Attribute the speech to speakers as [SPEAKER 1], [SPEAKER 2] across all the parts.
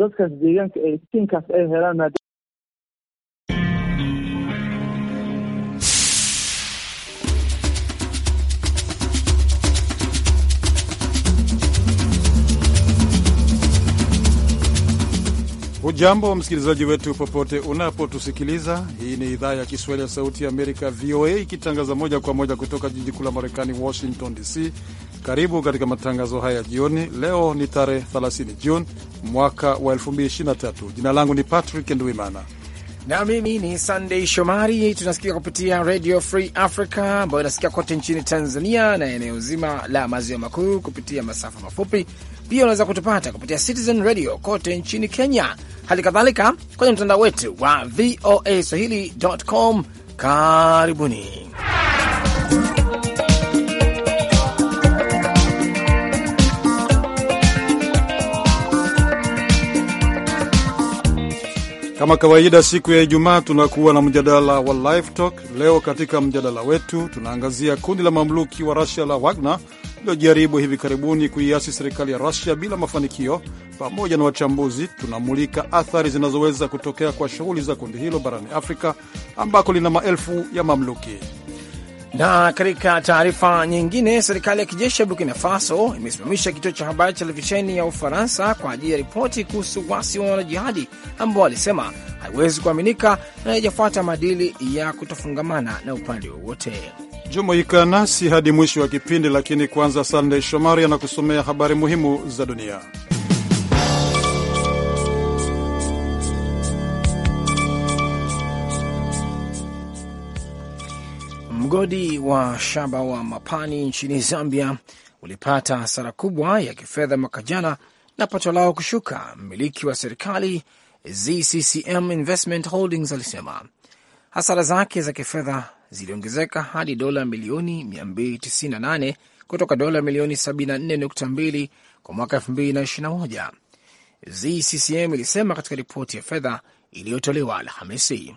[SPEAKER 1] dadkaas deegaanka ay iftiinkaas ay helaan
[SPEAKER 2] ujambo msikilizaji wetu popote unapotusikiliza. Hii ni idhaa ya Kiswahili ya Sauti ya Amerika, VOA, ikitangaza moja kwa moja kutoka jiji kuu la Marekani, Washington DC. Karibu katika matangazo haya jioni. Leo ni tarehe 30 Juni mwaka wa 2023. Jina langu ni Patrick Ndwimana na mimi ni Sandey
[SPEAKER 3] Shomari. Tunasikia kupitia Radio Free Africa ambayo inasikia kote nchini Tanzania na eneo zima la maziwa makuu kupitia masafa mafupi pia unaweza kutupata kupitia Citizen Radio kote nchini Kenya, hali kadhalika kwenye mtandao wetu wa VOA Swahili.com. Karibuni.
[SPEAKER 2] Kama kawaida, siku ya Ijumaa tunakuwa na mjadala wa live talk. Leo katika mjadala wetu tunaangazia kundi la mamluki wa Rusia la Wagner lililojaribu hivi karibuni kuiasi serikali ya Rusia bila mafanikio. Pamoja na wachambuzi, tunamulika athari zinazoweza kutokea kwa shughuli za kundi hilo barani Afrika ambako lina maelfu ya mamluki. Na katika taarifa nyingine,
[SPEAKER 3] serikali ya kijeshi ya Burkina Faso imesimamisha kituo cha habari cha televisheni ya Ufaransa kwa ajili ya ripoti kuhusu wasi wa wanajihadi ambao walisema haiwezi kuaminika na haijafuata maadili ya kutofungamana na upande wowote.
[SPEAKER 2] Jumuika nasi hadi mwisho wa kipindi, lakini kwanza, Sandey Shomari anakusomea habari muhimu za dunia.
[SPEAKER 3] Mgodi wa shaba wa Mapani nchini Zambia ulipata hasara kubwa ya kifedha mwaka jana na pato lao kushuka. Mmiliki wa serikali ZCCM Investment Holdings alisema hasara zake za kifedha ziliongezeka hadi dola milioni 298 kutoka dola milioni 74.2 kwa mwaka 2021. ZCCM ilisema katika ripoti ya fedha iliyotolewa Alhamisi.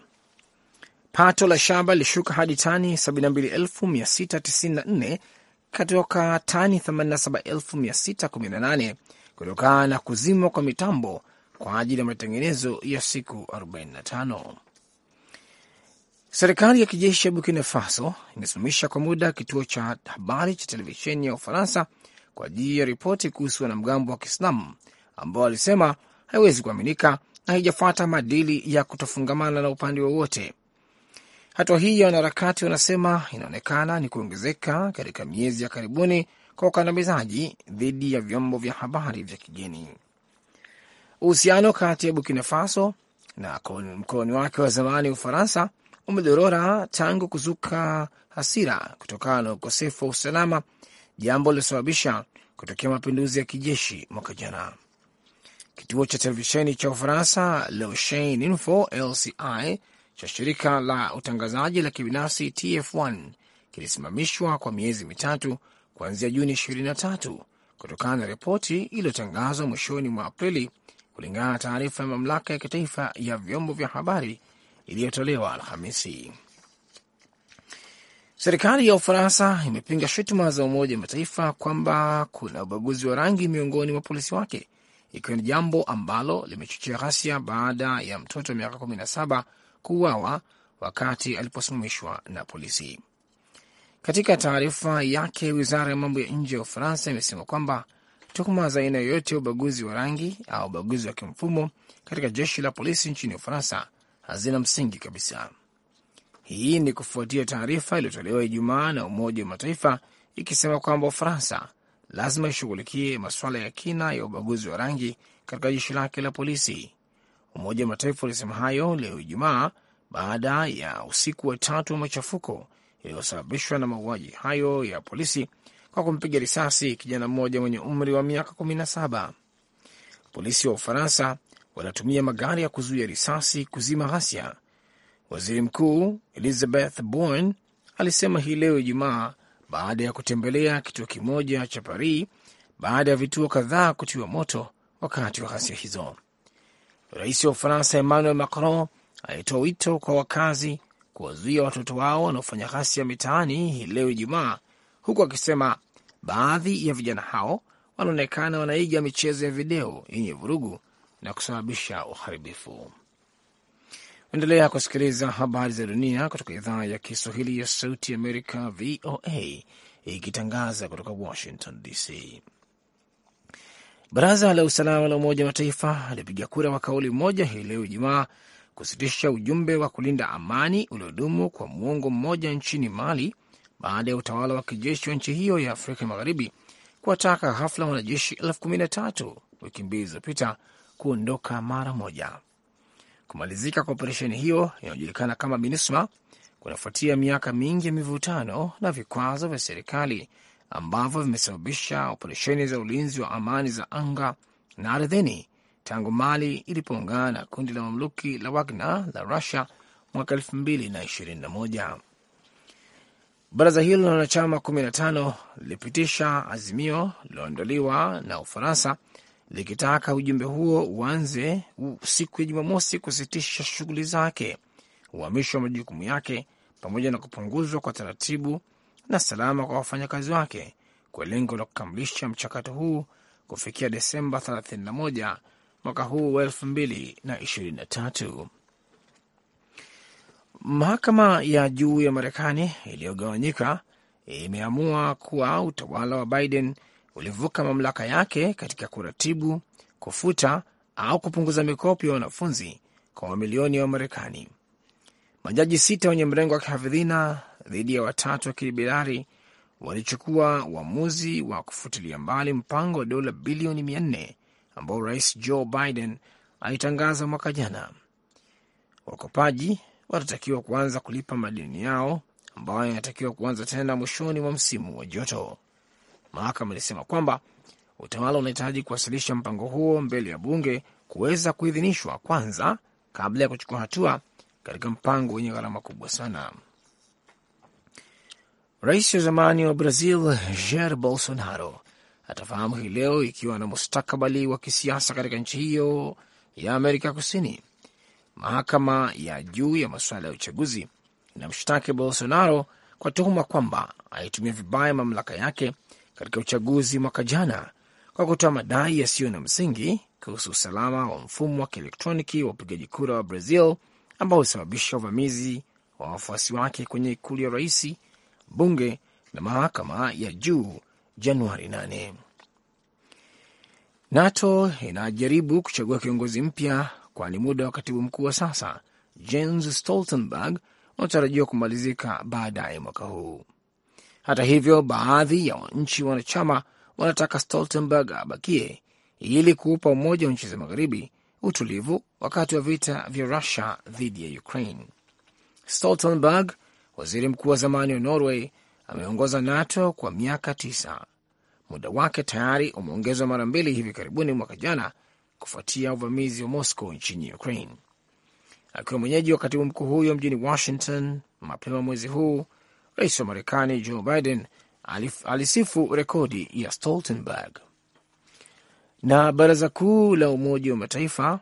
[SPEAKER 3] Pato la shaba lilishuka hadi tani 72694 kutoka tani 87618 kutokana na kuzimwa kwa mitambo kwa ajili ya matengenezo ya siku 45. Serikali ya kijeshi ya Burkina Faso imesimamisha kwa muda kituo cha habari cha televisheni ya Ufaransa kwa ajili ya ripoti kuhusu wanamgambo wa Kiislamu ambao alisema haiwezi kuaminika na haijafuata maadili ya kutofungamana na upande wowote Hatua hii ya wanaharakati wanasema inaonekana ni kuongezeka katika miezi ya karibuni kwa ukandamizaji dhidi ya vyombo vya habari vya kigeni. Uhusiano kati ya Burkina Faso na mkoloni wake wa zamani Ufaransa umedorora tangu kuzuka hasira kutokana na ukosefu wa usalama, jambo lilosababisha kutokea mapinduzi ya kijeshi mwaka jana. Kituo cha televisheni cha Ufaransa Le Chaine Info LCI cha shirika la utangazaji la kibinafsi TF1 kilisimamishwa kwa miezi mitatu kuanzia Juni 23 kutokana na ripoti iliyotangazwa mwishoni mwa Aprili, kulingana na taarifa ya mamlaka ya kitaifa ya vyombo vya habari iliyotolewa Alhamisi. Serikali ya Ufaransa imepinga shutuma za Umoja wa Mataifa kwamba kuna ubaguzi wa rangi miongoni mwa polisi wake, ikiwa ni jambo ambalo limechochea ghasia baada ya mtoto wa miaka 17 kuuawa wakati aliposimamishwa na polisi. Katika taarifa yake, wizara ya mambo ya nje ya Ufaransa imesema kwamba tuhuma za aina yoyote ya ubaguzi wa rangi au ubaguzi wa kimfumo katika jeshi la polisi nchini Ufaransa hazina msingi kabisa. Hii ni kufuatia taarifa iliyotolewa Ijumaa na Umoja wa Mataifa ikisema kwamba Ufaransa lazima ishughulikie masuala ya kina ya ubaguzi wa rangi katika jeshi lake la polisi Umoja wa Mataifa ulisema hayo leo Ijumaa baada ya usiku wa tatu wa machafuko yaliyosababishwa na mauaji hayo ya polisi kwa kumpiga risasi kijana mmoja mwenye umri wa miaka kumi na saba. Polisi wa Ufaransa wanatumia magari ya kuzuia risasi kuzima ghasia. Waziri Mkuu Elizabeth Borne alisema hii leo Ijumaa baada ya kutembelea kituo kimoja cha Paris baada ya vituo kadhaa kutiwa moto wakati wa ghasia hizo. Rais wa Ufaransa Emmanuel Macron alitoa wito kwa wakazi kuwazuia watoto wao wanaofanya ghasia mitaani hii leo Ijumaa, huku akisema baadhi ya vijana hao wanaonekana wanaiga michezo ya video yenye vurugu na kusababisha uharibifu. Endelea kusikiliza habari za dunia kutoka idhaa ya Kiswahili ya Sauti Amerika, VOA, ikitangaza kutoka Washington DC. Baraza la usalama la Umoja wa Mataifa alipiga kura kwa kauli mmoja hii leo Ijumaa kusitisha ujumbe wa kulinda amani uliodumu kwa muongo mmoja nchini Mali baada ya utawala wa kijeshi wa nchi hiyo ya Afrika Magharibi kuwataka ghafla wanajeshi elfu kumi na tatu wiki mbili zilizopita kuondoka mara moja. Kumalizika kwa operesheni hiyo inayojulikana kama MINUSMA kunafuatia miaka mingi ya mivutano na vikwazo vya serikali ambavyo vimesababisha operesheni za ulinzi wa amani za anga na ardhini tangu Mali ilipoungana na kundi la mamluki la Wagner la Rusia mwaka moja. Baraza hilo la wanachama tano lilipitisha azimio lililoandaliwa na Ufaransa likitaka ujumbe huo uanze siku ya Jumamosi kusitisha shughuli zake, uhamisho wa majukumu yake, pamoja na kupunguzwa kwa taratibu na salama kwa wafanyakazi wake kwa lengo la kukamilisha mchakato huu kufikia Desemba 31 mwaka huu wa 2023. Mahakama ya juu ya Marekani iliyogawanyika imeamua kuwa utawala wa Biden ulivuka mamlaka yake katika kuratibu, kufuta au kupunguza mikopo ya wanafunzi kwa mamilioni ya Wamarekani. Majaji sita wenye mrengo wa kihafidhina dhidi ya watatu wa kiliberari walichukua uamuzi wa kufutilia mbali mpango wa dola bilioni mia nne ambao rais Joe Biden alitangaza mwaka jana. Wakopaji watatakiwa kuanza kulipa madeni yao ambayo yanatakiwa kuanza tena mwishoni mwa msimu wa joto. Mahakama ilisema kwamba utawala unahitaji kuwasilisha mpango huo mbele ya bunge kuweza kuidhinishwa kwanza kabla ya kuchukua hatua katika mpango wenye gharama kubwa sana. Rais wa zamani wa Brazil Jair Bolsonaro atafahamu hii leo ikiwa na mustakabali wa kisiasa katika nchi hiyo ya Amerika Kusini. Mahakama ya juu ya masuala ya uchaguzi inamshtaki Bolsonaro kwa tuhuma kwamba alitumia vibaya mamlaka yake katika uchaguzi mwaka jana kwa kutoa madai yasiyo na msingi kuhusu usalama wa mfumo wa kielektroniki wa upigaji kura wa Brazil ambao husababisha uvamizi wa wafuasi wake kwenye ikulu ya rais bunge na mahakama ya juu Januari 8. NATO inajaribu kuchagua kiongozi mpya, kwani muda wa katibu mkuu wa sasa Jens Stoltenberg unatarajiwa kumalizika baadaye mwaka huu. Hata hivyo, baadhi ya nchi wanachama wanataka Stoltenberg abakie ili kuupa umoja wa nchi za magharibi utulivu wakati wa vita vya Rusia dhidi ya Ukraine. Stoltenberg Waziri mkuu wa zamani wa Norway ameongoza NATO kwa miaka tisa. Muda wake tayari umeongezwa mara mbili hivi karibuni mwaka jana, kufuatia uvamizi wa Moscow nchini Ukraine. Akiwa mwenyeji wa katibu mkuu huyo mjini Washington mapema mwezi huu, rais wa Marekani Joe Biden alif, alisifu rekodi ya Stoltenberg. Na baraza kuu la Umoja wa Mataifa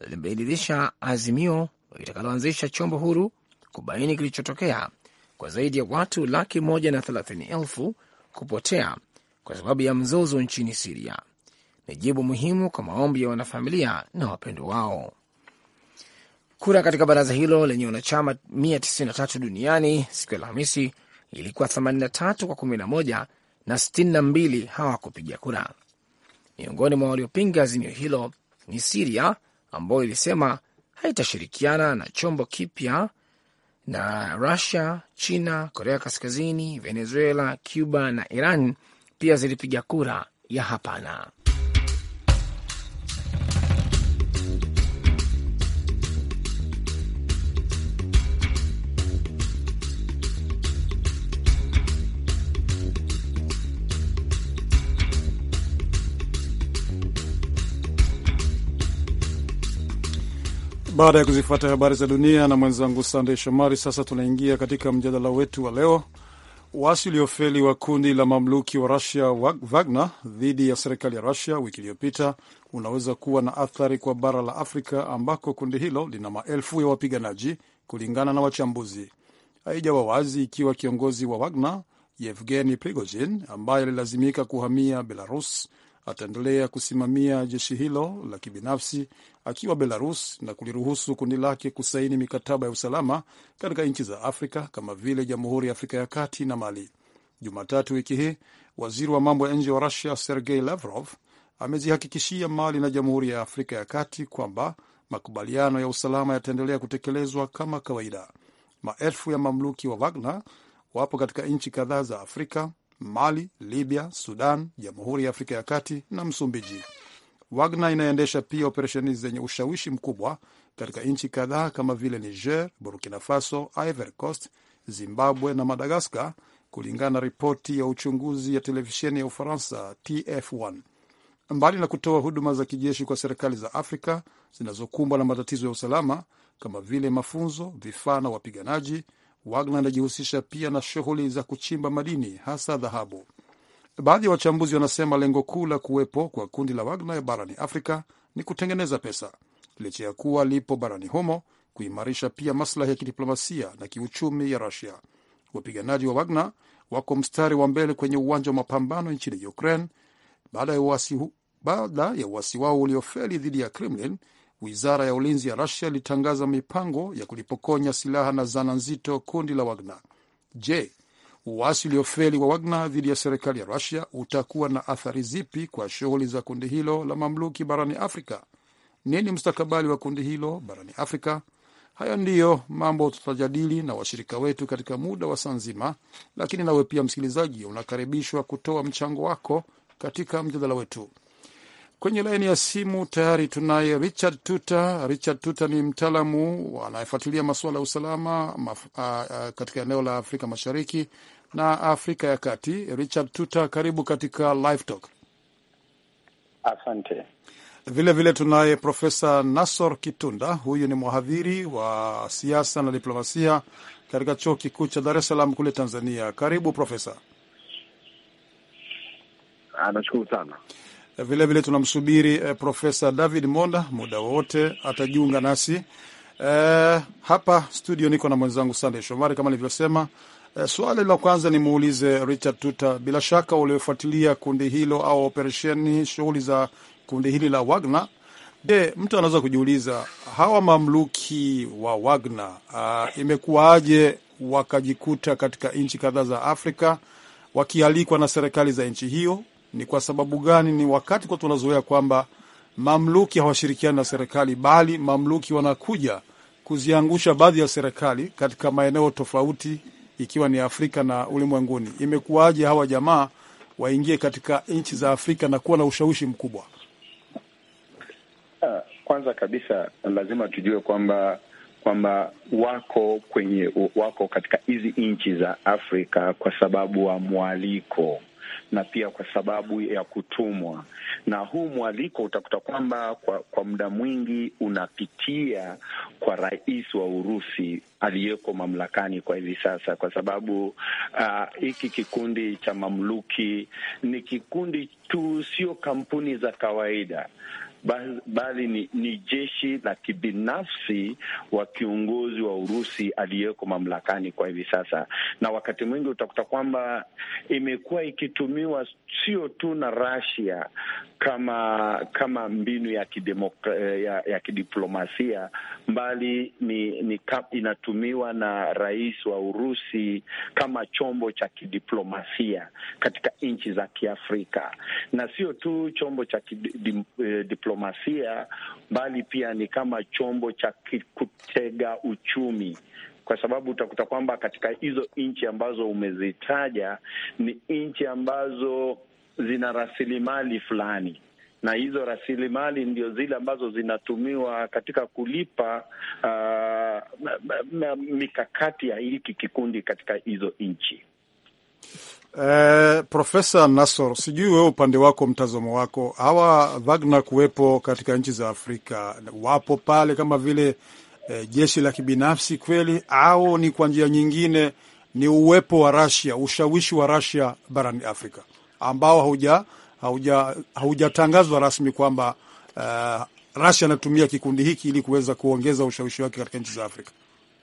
[SPEAKER 3] limebadilisha azimio litakaloanzisha chombo huru kubaini kilichotokea kwa zaidi ya watu laki moja na thelathini elfu kupotea kwa sababu ya mzozo nchini Siria. Ni jibu muhimu kwa maombi ya wanafamilia na wapendwa wao. Kura katika baraza hilo lenye wanachama 193 duniani siku ya Alhamisi ilikuwa 83 kwa 11 na 62 hawakupiga kura. Miongoni mwa waliopinga azimio hilo ni Siria ambayo ilisema haitashirikiana na chombo kipya na Rusia, China, Korea Kaskazini, Venezuela, Cuba na Iran pia zilipiga kura ya hapana.
[SPEAKER 2] Baada ya kuzifuata habari za dunia na mwenzangu Sandey Shomari, sasa tunaingia katika mjadala wetu wa leo. waasi uliofeli wa kundi la mamluki wa Rusia Wagner dhidi ya serikali ya Rusia wiki iliyopita unaweza kuwa na athari kwa bara la Afrika ambako kundi hilo lina maelfu ya wapiganaji, kulingana na wachambuzi. Haijawa wazi ikiwa kiongozi wa Wagner Yevgeni Prigozhin ambaye alilazimika kuhamia Belarus ataendelea kusimamia jeshi hilo la kibinafsi akiwa Belarus na kuliruhusu kundi lake kusaini mikataba ya usalama katika nchi za Afrika kama vile Jamhuri ya Afrika ya Kati na Mali. Jumatatu wiki hii, waziri wa mambo ya nje wa Rusia Sergei Lavrov amezihakikishia Mali na Jamhuri ya Afrika ya Kati kwamba makubaliano ya usalama yataendelea kutekelezwa kama kawaida. Maelfu ya mamluki wa Wagner wapo katika nchi kadhaa za Afrika Mali, Libya, Sudan, Jamhuri ya Afrika ya Kati na Msumbiji. Wagner inaendesha pia operesheni zenye ushawishi mkubwa katika nchi kadhaa kama vile Niger, Burkina Faso, Ivory Coast, Zimbabwe na Madagaskar, kulingana na ripoti ya uchunguzi ya televisheni ya Ufaransa TF1. Mbali na kutoa huduma za kijeshi kwa serikali za Afrika zinazokumbwa na matatizo ya usalama kama vile mafunzo, vifaa na wapiganaji, Wagner anajihusisha pia na shughuli za kuchimba madini hasa dhahabu. Baadhi ya wachambuzi wanasema lengo kuu la kuwepo kwa kundi la Wagner barani Afrika ni kutengeneza pesa, licha ya kuwa lipo barani humo, kuimarisha pia maslahi ya kidiplomasia na kiuchumi ya Rusia. Wapiganaji wa Wagner wako mstari wa mbele kwenye uwanja wa mapambano nchini Ukraine baada ya uasi wao uliofeli dhidi ya Kremlin Wizara ya ulinzi ya Rusia ilitangaza mipango ya kulipokonya silaha na zana nzito kundi la Wagner. Je, uasi uliofeli wa Wagner dhidi ya serikali ya Rusia utakuwa na athari zipi kwa shughuli za kundi hilo la mamluki barani Afrika? Nini mustakabali wa kundi hilo barani Afrika? Hayo ndiyo mambo tutajadili na washirika wetu katika muda wa saa nzima, lakini nawe pia msikilizaji, unakaribishwa kutoa mchango wako katika mjadala wetu. Kwenye laini ya simu tayari tunaye Richard Tuta. Richard Tuta ni mtaalamu anayefuatilia masuala ya usalama maf, a, a, katika eneo la Afrika Mashariki na Afrika ya Kati. Richard Tuta, karibu katika Live Talk. Asante. Vile vile tunaye Profesa Nassor Kitunda, huyu ni mhadhiri wa siasa na diplomasia katika chuo kikuu cha Dar es Salaam kule Tanzania. Karibu Profesa. Ah, nashukuru sana. Vilevile eh, tunamsubiri eh, Profesa David Monda, muda wowote atajiunga nasi. Eh, hapa studio niko na mwenzangu sandey Shomari kama nilivyosema. Eh, swali la kwanza nimuulize Richard Tuta, bila shaka uliofuatilia kundi hilo au operesheni, shughuli za kundi hili la Wagner. Je, mtu anaweza kujiuliza hawa mamluki wa Wagner uh, imekuwaje wakajikuta katika nchi kadhaa za Afrika wakialikwa na serikali za nchi hiyo ni kwa sababu gani? Ni wakati kwa tunazoea kwamba mamluki hawashirikiani na serikali, bali mamluki wanakuja kuziangusha baadhi ya serikali katika maeneo tofauti, ikiwa ni Afrika na ulimwenguni. Imekuwaje hawa jamaa waingie katika nchi za Afrika na kuwa na ushawishi mkubwa?
[SPEAKER 4] Ah,
[SPEAKER 1] kwanza kabisa lazima tujue kwamba kwamba wako kwenye wako katika hizi nchi za Afrika kwa sababu wa mwaliko na pia kwa sababu ya kutumwa. Na huu mwaliko utakuta kwamba kwa, kwa muda mwingi unapitia kwa rais wa Urusi aliyeko mamlakani kwa hivi sasa, kwa sababu ah, hiki uh, kikundi cha mamluki ni kikundi tu, sio kampuni za kawaida bali ni, ni jeshi la kibinafsi wa kiongozi wa Urusi aliyeko mamlakani kwa hivi sasa, na wakati mwingi utakuta kwamba imekuwa ikitumiwa sio tu na Russia kama kama mbinu ya, ya, ya kidiplomasia mbali ni, ni inatumiwa na rais wa Urusi kama chombo cha kidiplomasia katika nchi za Kiafrika, na sio tu chombo cha kidiplomasia diplomasia, bali pia ni kama chombo cha kutega uchumi kwa sababu utakuta kwamba katika hizo nchi ambazo umezitaja ni nchi ambazo zina rasilimali fulani, na hizo rasilimali ndio zile ambazo zinatumiwa katika kulipa uh, mikakati ya hiki kikundi katika hizo nchi.
[SPEAKER 2] Eh, Profesa Nasor, sijui wewe upande wako, mtazamo wako, hawa Wagner kuwepo katika nchi za Afrika, wapo pale kama vile eh, jeshi la kibinafsi kweli, au ni kwa njia nyingine ni uwepo wa Russia, ushawishi wa Russia barani Afrika ambao hauja haujatangazwa hauja rasmi kwamba uh, Russia anatumia kikundi hiki ili kuweza kuongeza ushawishi wake katika nchi za Afrika.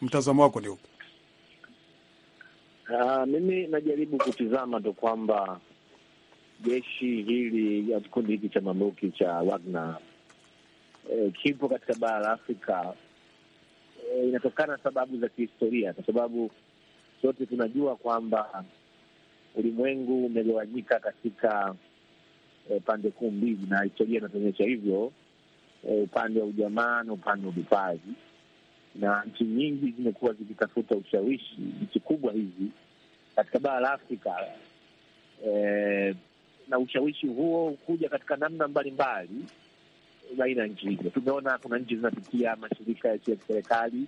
[SPEAKER 2] Mtazamo wako ni upi?
[SPEAKER 1] Uh, mimi najaribu kutizama tu kwamba jeshi hili kikundi hiki cha mamluki cha Wagner e, kipo katika bara la Afrika e, inatokana sababu za kihistoria, kwa sababu sote tunajua kwamba ulimwengu umegawanyika katika e, pande kuu mbili, na historia inatuonyesha hivyo e, upande wa ujamaa na upande wa uhifadhi na nchi nyingi zimekuwa zikitafuta ushawishi, nchi kubwa hizi katika bara la Afrika e, na ushawishi huo huja katika namna mbalimbali baina ya nchi hizo. Tumeona kuna nchi zinapitia mashirika yasiyo ya kiserikali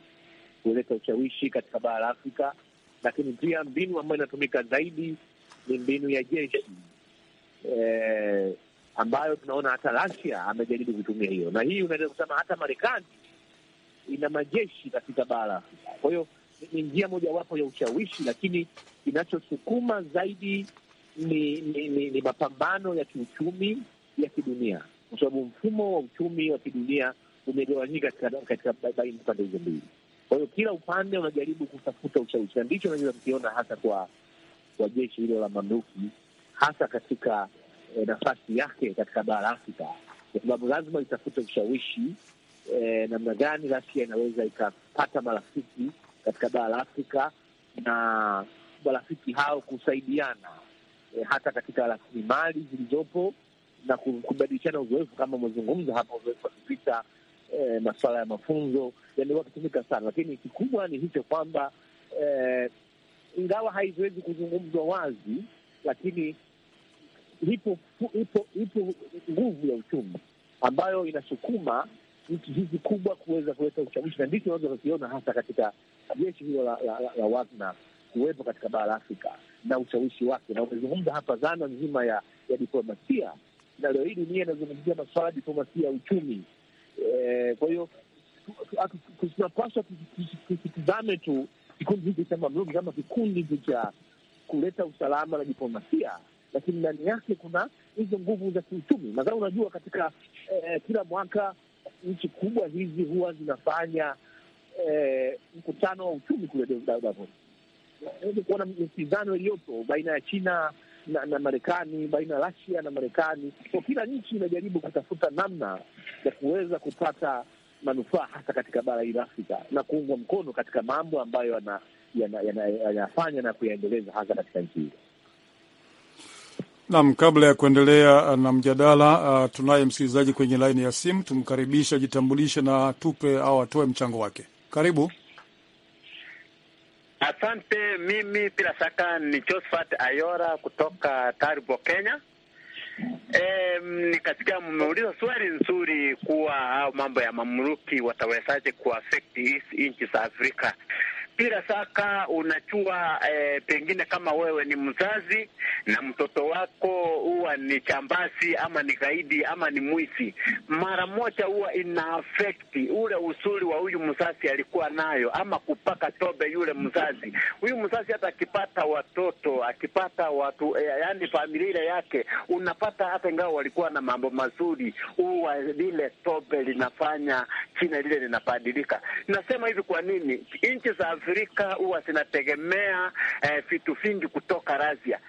[SPEAKER 1] kuleta ushawishi katika bara la Afrika, lakini pia mbinu ambayo inatumika zaidi ni mbinu ya jeshi e, ambayo tunaona hata Russia amejaribu kutumia hiyo, na hii unaweza kusema hata Marekani ina majeshi katika bara. Kwa hiyo ni njia mojawapo ya ushawishi, lakini kinachosukuma zaidi ni, ni, ni, ni mapambano ya kiuchumi ya kidunia, kwa sababu mfumo wa uchumi wa kidunia umegawanyika katika baina pande hizo mbili. Kwa hiyo kila upande unajaribu kutafuta ushawishi, na ndicho unaweza kukiona hasa kwa, kwa jeshi hilo la mamluki, hasa katika eh, nafasi yake katika bara Afrika, kwa sababu lazima litafute ushawishi eh, namna gani Rasia inaweza ikapata marafiki katika bara la Afrika na marafiki hao kusaidiana eh, hata katika rasilimali zilizopo na kubadilishana uzoefu kama umezungumza hapa, uzoefu wa kivita eh, masuala ya mafunzo yamekuwa akitumika sana, lakini kikubwa ni hicho kwamba eh, ingawa haiwezi kuzungumzwa wazi, lakini ipo ipo ipo nguvu ya uchumi ambayo inasukuma nchi hizi kubwa kuweza kuleta ushawishi, na ndicho unaweza kukiona hasa katika jeshi hilo la, la, la, la Wagner kuwepo katika bara la Afrika na ushawishi wake, na umezungumza hapa dhana nzima ya, ya diplomasia, na leo hii dunia inazungumzia masuala ya diplomasia ya uchumi. Eh, kwa hiyo tunapaswa tutizame tu kikundi hiki cha mamluki kama kikundi hiki cha kuleta usalama na diplomasia, lakini ndani yake kuna hizo nguvu za kiuchumi. Nadhani unajua katika eh, kila mwaka nchi kubwa hizi huwa zinafanya eh, mkutano wa uchumi kule Davos. kuona mipinzano iliyopo baina ya China na, na Marekani, baina ya Rasia na Marekani. So kila nchi inajaribu kutafuta namna ya kuweza kupata manufaa hasa katika bara hili Afrika na kuungwa mkono katika mambo ambayo yanayafanya na kuyaendeleza hasa katika nchi hizo.
[SPEAKER 2] Nam, kabla ya kuendelea uh, na mjadala uh, tunaye msikilizaji kwenye laini ya simu. Tumkaribishe ajitambulishe na tupe au atoe mchango wake. Karibu.
[SPEAKER 1] Asante. Mimi bila shaka ni Josephat Ayora kutoka Taribo, Kenya. E, nikasikia mmeuliza swali nzuri kuwa au mambo ya mamluki watawezaje kuafekti nchi za Afrika bila shaka unachua eh, pengine kama wewe ni mzazi na mtoto wako huwa ni chambasi ama ni gaidi ama ni mwizi, mara moja huwa ina affect ule usuli wa huyu mzazi alikuwa nayo, ama kupaka tobe yule mzazi. Huyu mzazi hata akipata watoto akipata watu eh, yani familia yake, unapata hata ingawa walikuwa na mambo mazuri, huwa lile tobe linafanya china lile linabadilika. Nasema hivi kwa nini nchi za Afrika huwa zinategemea eh, vitu vingi kutoka Rasia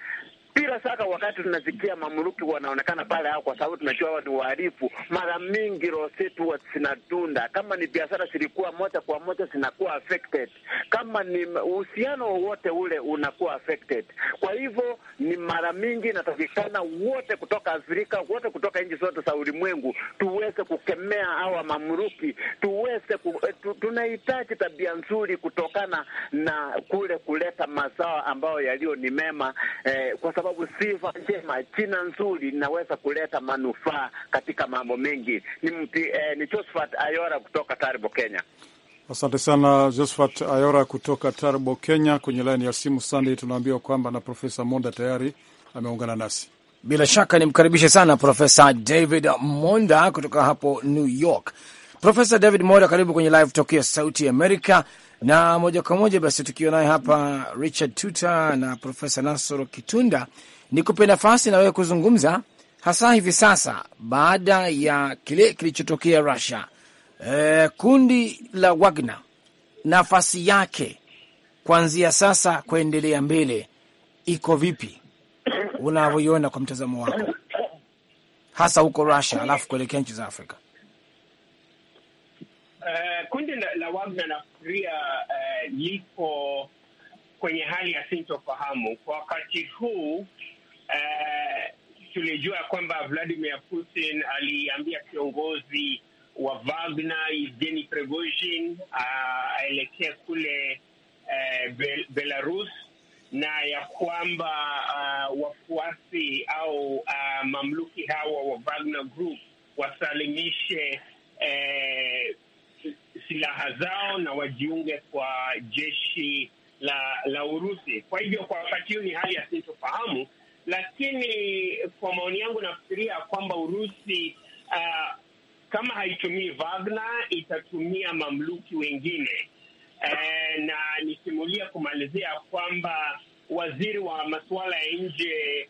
[SPEAKER 1] bila shaka wakati tunasikia mamluki wanaonekana pale hao, kwa sababu tunajua wao ni wahalifu, mara mingi roho zetu huwa zinatunda. Kama ni biashara zilikuwa moja kwa moja zinakuwa affected, kama ni uhusiano wowote ule unakuwa affected. Kwa hivyo ni mara mingi inatakikana wote kutoka Afrika, wote kutoka nchi zote za ulimwengu tuweze kukemea hawa mamluki, tuweze ku, eh, tu, tunahitaji tabia nzuri kutokana na kule kuleta mazao ambayo yaliyo ni mema eh, kwa sababu sababu sifa njema, china nzuri linaweza kuleta manufaa katika mambo mengi. Ni mpi, eh, ni Josephat Ayora kutoka Taribo, Kenya.
[SPEAKER 2] Asante sana Josephat Ayora kutoka Taribo, Kenya. Kwenye laini ya simu sandey tunaambiwa kwamba na Profesa Monda tayari ameungana nasi. Bila shaka nimkaribishe sana Profesa David Monda kutoka hapo New York.
[SPEAKER 3] Profesa David Monda, karibu kwenye Live Talk ya Sauti Amerika na moja kwa moja basi tukiwa naye hapa Richard Tuta na Profesa Nasoro Kitunda, nikupe nafasi na wewe kuzungumza hasa hivi sasa baada ya kile kilichotokea Russia. E, kundi la Wagner nafasi yake kuanzia sasa kuendelea mbele iko vipi, unavyoiona kwa mtazamo wako, hasa huko Russia alafu kuelekea nchi za Afrika?
[SPEAKER 5] Eh, kundi la, la Wagner nafikiria uh, eh, lipo kwenye hali ya sintofahamu kwa wakati huu. Uh, tulijua kwamba Vladimir Putin aliambia kiongozi wa Wagner Yevgeny Prigozhin aelekee uh, kule uh, Bel Belarus na ya kwamba uh, wafuasi au uh, mamluki hawa wa Wagner Group wasalimishe uh, silaha zao na wajiunge kwa jeshi la la Urusi. Kwa hivyo kwa wakati huu ni hali ya sintofahamu, lakini kwa maoni yangu nafikiria kwamba Urusi uh, kama haitumii Wagner itatumia mamluki wengine. Uh, na nisimulia kumalizia kwamba waziri wa masuala ya nje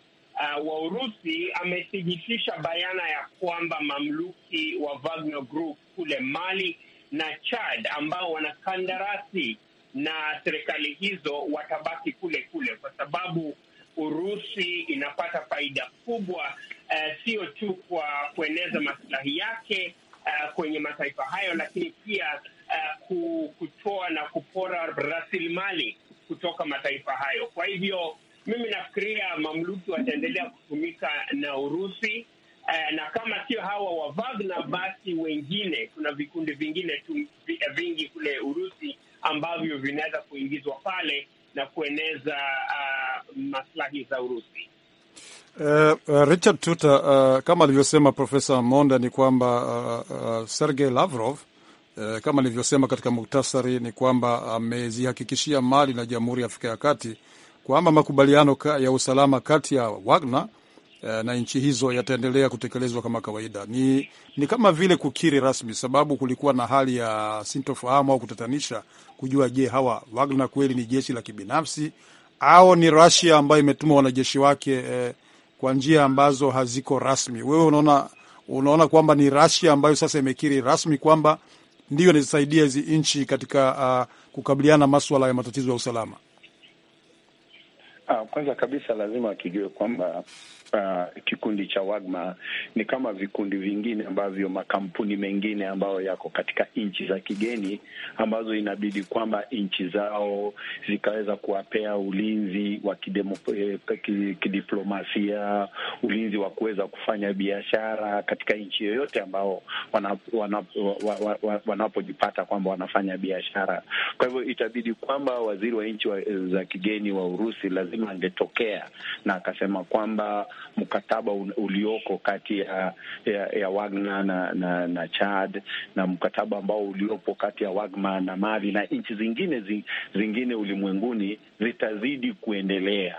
[SPEAKER 5] uh, wa Urusi amethibitisha bayana ya kwamba mamluki wa Wagner Group kule Mali na Chad ambao wanakandarasi na serikali hizo watabaki kule kule, kwa sababu Urusi inapata faida kubwa eh, sio tu kwa kueneza masilahi yake uh, kwenye mataifa hayo, lakini pia uh, kutoa na kupora rasilimali kutoka mataifa hayo. Kwa hivyo mimi nafikiria mamluki wataendelea kutumika na Urusi eh, na kama sio hawa wa Wagner, basi wengine, kuna vikundi vingine tu vingi kule Urusi ambavyo vinaweza kuingizwa pale na kueneza uh, maslahi za Urusi.
[SPEAKER 2] Uh, Richard Tuta, uh, kama alivyosema Profesa Monda ni kwamba uh, uh, Sergei Lavrov uh, kama alivyosema katika muktasari ni kwamba amezihakikishia Mali na Jamhuri ya Afrika ya Kati kwamba makubaliano ya usalama kati ya Wagner Eh, na nchi hizo yataendelea kutekelezwa kama kawaida. Ni, ni kama vile kukiri rasmi, sababu kulikuwa na hali ya sintofahamu au kutatanisha kujua, je, hawa Wagner kweli ni jeshi la kibinafsi au ni Russia ambayo imetuma wanajeshi wake eh, kwa njia ambazo haziko rasmi. Wewe unaona, unaona kwamba ni Russia ambayo sasa imekiri rasmi kwamba ndiyo inazisaidia hizi nchi katika uh, kukabiliana maswala ya matatizo ya usalama.
[SPEAKER 1] Ah, kwanza kabisa lazima akijue kwamba uh, kikundi cha Wagma ni kama vikundi vingine ambavyo makampuni mengine ambayo yako katika nchi za kigeni ambazo inabidi kwamba nchi zao zikaweza kuwapea ulinzi wa eh, kidiplomasia, ulinzi wa kuweza kufanya biashara katika nchi yoyote ambao wanapojipata wana, kwamba wanafanya biashara. Kwa hivyo itabidi kwamba waziri wa nchi eh, za kigeni wa Urusi lazima angetokea na akasema kwamba mkataba ulioko kati ya, ya, ya Wagner na, na, na Chad na mkataba ambao uliopo kati ya Wagner na Mali na nchi zingine zingine ulimwenguni zitazidi kuendelea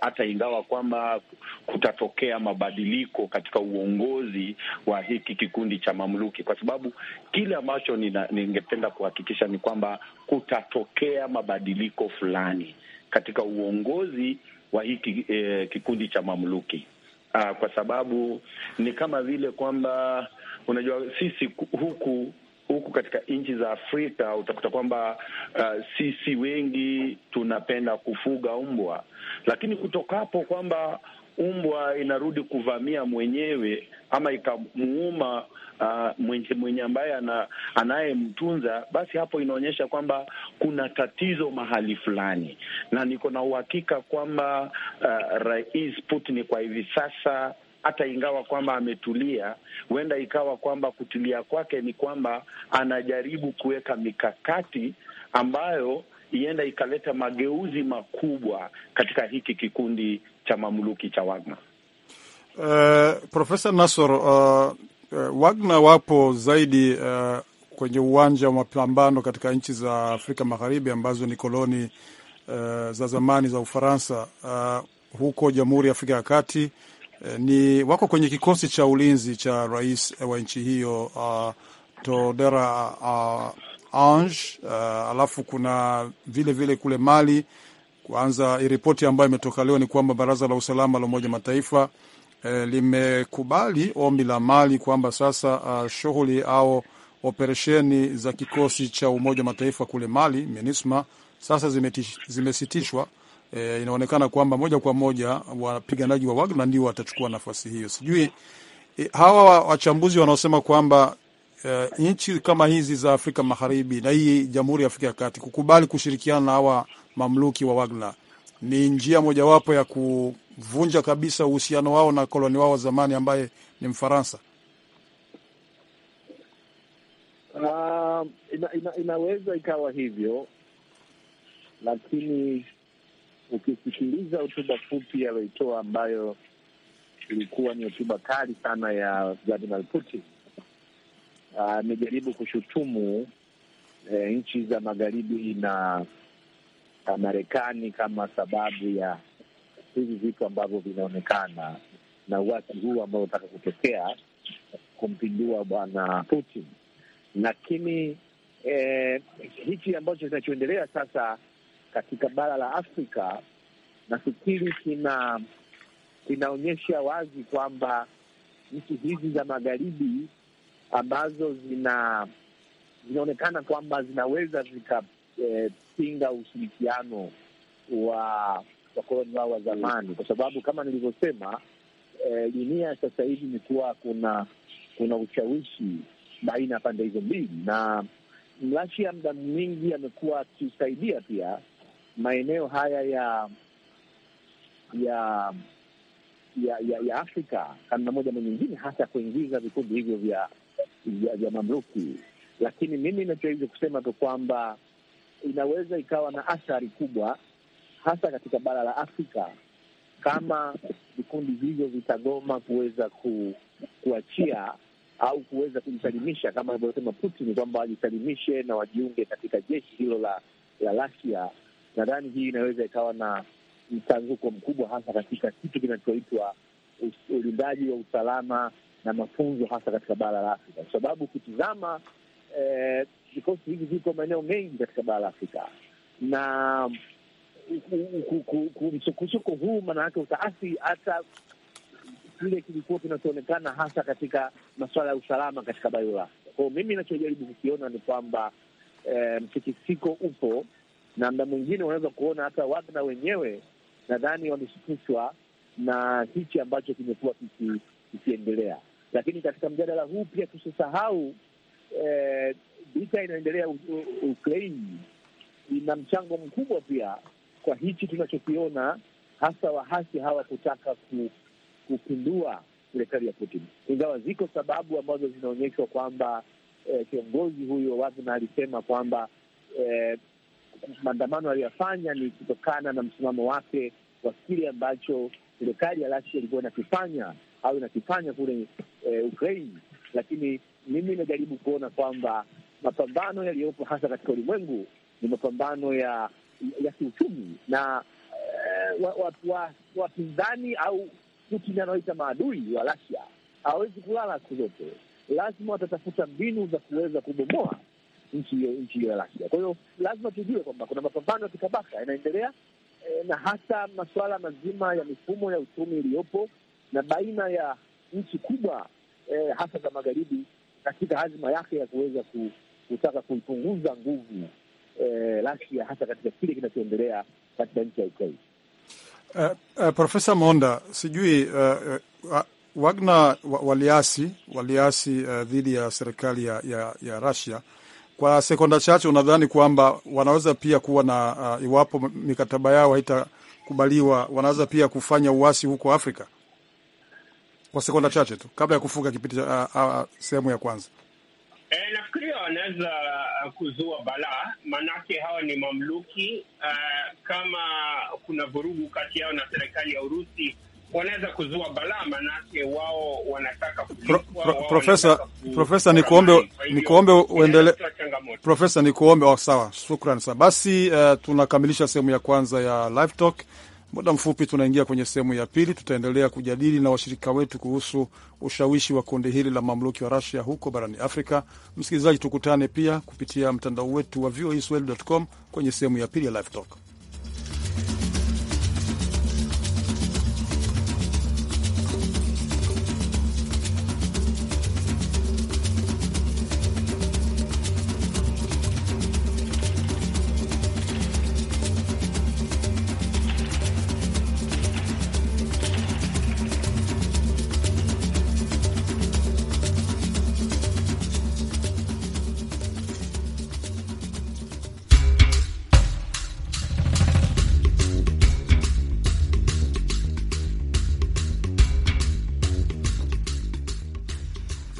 [SPEAKER 1] hata ingawa kwamba kutatokea mabadiliko katika uongozi wa hiki kikundi cha mamluki, kwa sababu kile ambacho ningependa kuhakikisha ni kwamba kutatokea mabadiliko fulani katika uongozi wa hiki eh, kikundi cha mamluki ah, kwa sababu ni kama vile kwamba unajua sisi huku huku katika nchi za Afrika utakuta kwamba uh, sisi wengi tunapenda kufuga mbwa, lakini kutokapo kwamba umbwa inarudi kuvamia mwenyewe ama ikamuuma uh, mwenye mwenye ambaye ana, anayemtunza, basi hapo inaonyesha kwamba kuna tatizo mahali fulani, na niko na uhakika kwamba uh, Rais Putin kwa hivi sasa hata ingawa kwamba ametulia, huenda ikawa kwamba kutulia kwake ni kwamba anajaribu kuweka mikakati ambayo ienda ikaleta mageuzi makubwa katika hiki kikundi cha mamluki cha Wagner.
[SPEAKER 2] Uh, eh, Profesa Nasor, uh, uh, Wagner wapo zaidi uh, kwenye uwanja wa mapambano katika nchi za Afrika Magharibi ambazo ni koloni uh, za zamani za Ufaransa uh, huko Jamhuri ya Afrika ya Kati uh, ni wako kwenye kikosi cha ulinzi cha rais uh, wa nchi hiyo uh, Todera uh, Ange uh, alafu kuna vile vile kule Mali kwanza ripoti ambayo imetoka leo ni kwamba baraza la usalama la Umoja Mataifa e, limekubali ombi la Mali kwamba sasa uh, shughuli au operesheni za kikosi cha Umoja wa Mataifa kule Mali MINUSMA sasa zimesitishwa zime eh, E, inaonekana kwamba moja kwa moja wapiganaji wa Wagner ndio watachukua nafasi hiyo. Sijui e, hawa wachambuzi wanaosema kwamba e, nchi kama hizi za Afrika Magharibi na hii Jamhuri ya Afrika ya Kati kukubali kushirikiana na hawa mamluki wa Wagner. Ni njia mojawapo ya kuvunja kabisa uhusiano wao na koloni wao wa zamani ambaye ni Mfaransa.
[SPEAKER 1] Uh, ina, ina, inaweza ikawa hivyo, lakini ukisikiliza hotuba fupi aliyoitoa ambayo ilikuwa ni hotuba kali sana ya Vladimir Putin, amejaribu ah, uh, kushutumu eh, nchi za magharibi na Marekani kama sababu ya hivi vitu ambavyo vinaonekana na uwasi huu ambao unataka kutokea kumpindua bwana Putin. Lakini eh, hichi ambacho kinachoendelea sasa katika bara la Afrika nafikiri kina kinaonyesha wazi kwamba nchi hizi za magharibi ambazo zina zinaonekana kwamba zinaweza zika kupinga eh, ushirikiano wa wakoloni wao wa zamani, kwa sababu kama nilivyosema, eh, dunia eh, sasa hivi ni kuwa kuna kuna ushawishi baina ya pande hizo mbili, na mrashia muda mwingi amekuwa akisaidia pia maeneo haya ya ya ya, ya, ya Afrika kanda moja na nyingine, hasa kuingiza vikundi hivyo vya vya mamluki. Lakini mimi nachoweza kusema tu kwamba inaweza ikawa na athari kubwa, hasa katika bara la Afrika kama vikundi hivyo vitagoma kuweza ku, kuachia au kuweza kujisalimisha kama alivyosema Putin kwamba wajisalimishe na wajiunge katika jeshi hilo la la Russia. Nadhani hii inaweza ikawa na mtanzuko mkubwa, hasa katika kitu kinachoitwa ulindaji wa usalama na mafunzo, hasa katika bara la Afrika, kwa sababu ukitizama eh, vikosi hivi viko maeneo mengi katika bara la Afrika na msukusuku huu maanayake utaathiri hata kile kilikuwa kinachoonekana hasa katika masuala ya usalama katika bara Kwao mimi nachojaribu kukiona ni kwamba eh, mtikisiko upo na mda mwingine unaweza kuona hata Wagna wenyewe nadhani wameshukushwa na hichi ambacho kimekuwa kikiendelea, lakini katika mjadala huu pia tusisahau eh, vita inaendelea Ukraini ina mchango mkubwa pia kwa hichi tunachokiona, hasa wahasi hawa kutaka ku, kupindua serikali ya Putin, ingawa ziko sababu ambazo zinaonyeshwa kwamba eh, kiongozi huyo Wagner alisema kwamba eh, maandamano aliyofanya ni kutokana na msimamo wake wa kile ambacho serikali ya Rasia ilikuwa inakifanya au inakifanya kule eh, Ukraini. Lakini mimi najaribu kuona kwamba mapambano yaliyopo hasa katika ulimwengu ni mapambano ya ya kiuchumi na eh, wapinzani au Putin anaoita maadui wa Rasia hawawezi kulala siku zote, lazima watatafuta mbinu za kuweza kubomoa nchi hiyo nchi hiyo ya Rasia. Kwa hiyo lazima tujue kwamba kuna mapambano ya kitabaka yanaendelea, eh, na hasa masuala mazima ya mifumo ya uchumi iliyopo na baina ya nchi kubwa eh, hasa za magharibi katika hazima yake ya kuweza ku kutaka kuipunguza nguvu eh, Russia hasa katika kile kinachoendelea katika nchi ya Ukraine.
[SPEAKER 2] Uh, eh, uh, eh, Profesa Monda, sijui uh, uh, Wagner waliasi waliasi uh, dhidi ya serikali ya, ya, ya Russia kwa sekonda chache, unadhani kwamba wanaweza pia kuwa na uh, iwapo mikataba yao haitakubaliwa, wanaweza pia kufanya uasi huko Afrika? Kwa sekonda chache tu kabla ya kufunga kipindi cha uh, uh, sehemu ya kwanza.
[SPEAKER 5] E, eh, nafikiria wanaweza kuzua balaa, maanake hawa ni mamluki. Uh, kama kuna vurugu kati yao na serikali ya Urusi wanaweza kuzua balaa, maanake wao
[SPEAKER 2] wanataka profesa profesa, nikuombe nikuombe uendelee profesa, nikuombe oh, sawa, shukran sana. Basi uh, tunakamilisha sehemu ya kwanza ya live talk. Muda mfupi tunaingia kwenye sehemu ya pili, tutaendelea kujadili na washirika wetu kuhusu ushawishi wa kundi hili la mamluki wa Russia huko barani Afrika. Msikilizaji, tukutane pia kupitia mtandao wetu wa voaswahili.com kwenye sehemu ya pili ya Live Talk.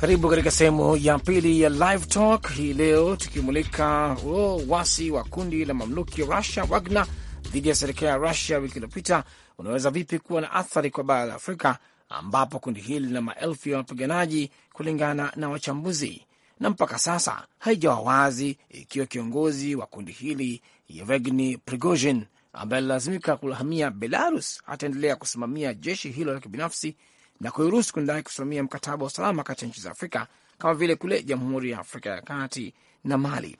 [SPEAKER 3] Karibu katika sehemu ya pili ya Live Talk hii leo, tukimulika oh, wasi wa kundi la mamluki wa Russia Wagner dhidi ya serikali ya Russia wiki iliyopita unaweza vipi kuwa na athari kwa bara la Afrika, ambapo kundi hili lina maelfu ya wapiganaji kulingana na wachambuzi, na mpaka sasa haijawa wazi ikiwa kiongozi wa kundi hili Yevgeny Prigozhin ambaye alilazimika kuhamia Belarus ataendelea kusimamia jeshi hilo la kibinafsi na kuiruhusu kuendelea kusimamia mkataba wa usalama kati ya nchi za Afrika kama vile kule Jamhuri ya Afrika ya Kati na Mali.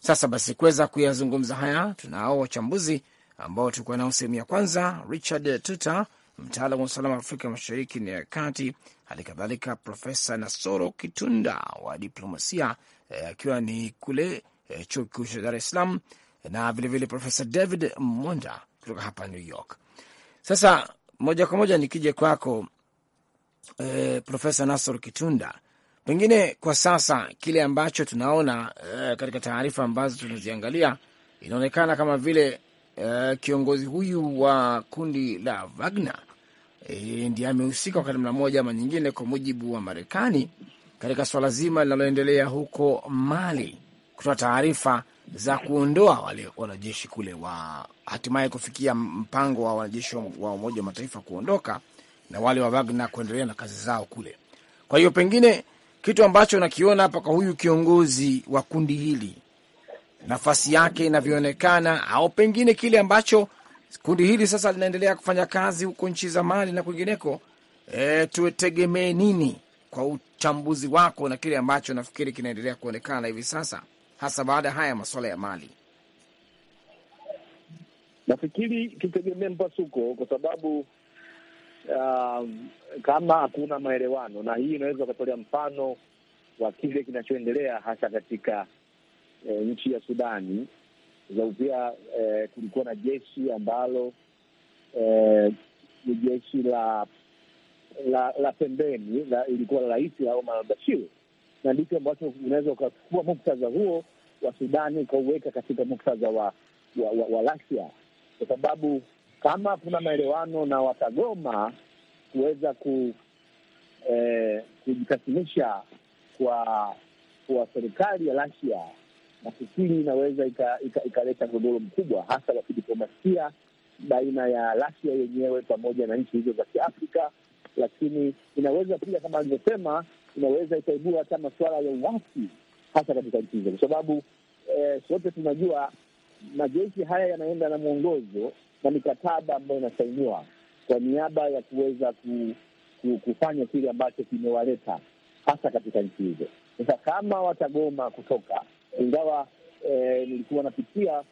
[SPEAKER 3] Sasa basi, kuweza kuyazungumza haya, tunao wachambuzi ambao tulikuwa nao sehemu ya kwanza, Richard Tute, mtaalamu wa usalama wa Afrika Mashariki na ya Kati, hali kadhalika Profesa Nasoro Kitunda wa diplomasia eh, akiwa eh, ni kule eh, chuo kikuu cha Dar es Salaam na vilevile Profesa David Monda kutoka hapa New York. Sasa moja kwa moja nikija kwako eh, Profesa Nasor Kitunda, pengine kwa sasa kile ambacho tunaona eh, katika taarifa ambazo tunaziangalia inaonekana kama vile eh, kiongozi huyu wa kundi la Wagner eh, ndiye amehusika wakati mna moja ama nyingine, kwa mujibu wa Marekani, katika swala zima linaloendelea huko Mali, kutoa taarifa za kuondoa wale wanajeshi kule wa hatimaye kufikia mpango wa wanajeshi wa Umoja wa Mataifa kuondoka na wale wa Wagner kuendelea na kazi zao kule. Kwa hiyo pengine kitu ambacho nakiona hapa kwa huyu kiongozi wa kundi hili, nafasi yake inavyoonekana, au pengine kile ambacho kundi hili sasa linaendelea kufanya kazi huko nchi za Mali na kwingineko, e, tutegemee nini kwa uchambuzi wako na kile ambacho nafikiri kinaendelea kuonekana hivi sasa, hasa baada haya masuala ya Mali?
[SPEAKER 1] Nafikiri tutegemee mpasuko, kwa sababu uh, kama hakuna maelewano, na hii inaweza ukatolea mfano wa kile kinachoendelea hasa katika eh, nchi ya Sudani, sababu pia eh, kulikuwa na jeshi ambalo eh, ni jeshi la la la pembeni la, ilikuwa la rais la Omar al-Bashir, na ndicho ambacho unaweza ukachukua muktadha huo wa Sudani ukauweka katika muktadha wa wa, wa, wa Russia kwa sababu kama kuna maelewano na watagoma kuweza ku, eh, kujikasimisha kwa kwa serikali ya Rasia, nafikiri inaweza ikaleta mgogoro mkubwa, hasa wa kidiplomasia baina ya Rasia yenyewe pamoja na nchi hizo za Kiafrika. Lakini inaweza pia, kama alivyosema, inaweza ikaibua hata masuala ya uasi, hasa katika nchi hizo, kwa sababu e, sote tunajua majeshi haya yanaenda na mwongozo na mikataba ambayo inasainiwa kwa niaba ya kuweza ku, ku, kufanya kile ambacho kimewaleta hasa katika nchi hizo. Sasa kama watagoma kutoka, ingawa e, nilikuwa napitia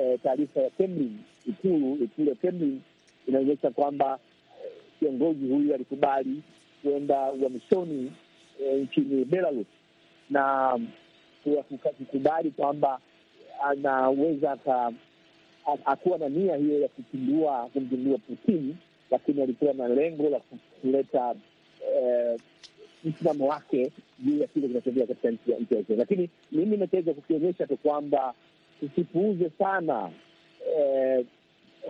[SPEAKER 1] e, taarifa ya Kremlin, ikulu ikulu ya Kremlin inaonyesha kwamba eh, kiongozi huyu alikubali kuenda uhamishoni e, nchini Belarus na kukubali kwamba anaweza hakuwa na nia hiyo ya kupindua kumpindua Putin, lakini alikuwa na lengo la kuleta eh, msimamo wake juu ya kile kinachotokea katika nchi ya. Lakini mimi nachoweza kukionyesha tu kwamba tusipuuze sana eh,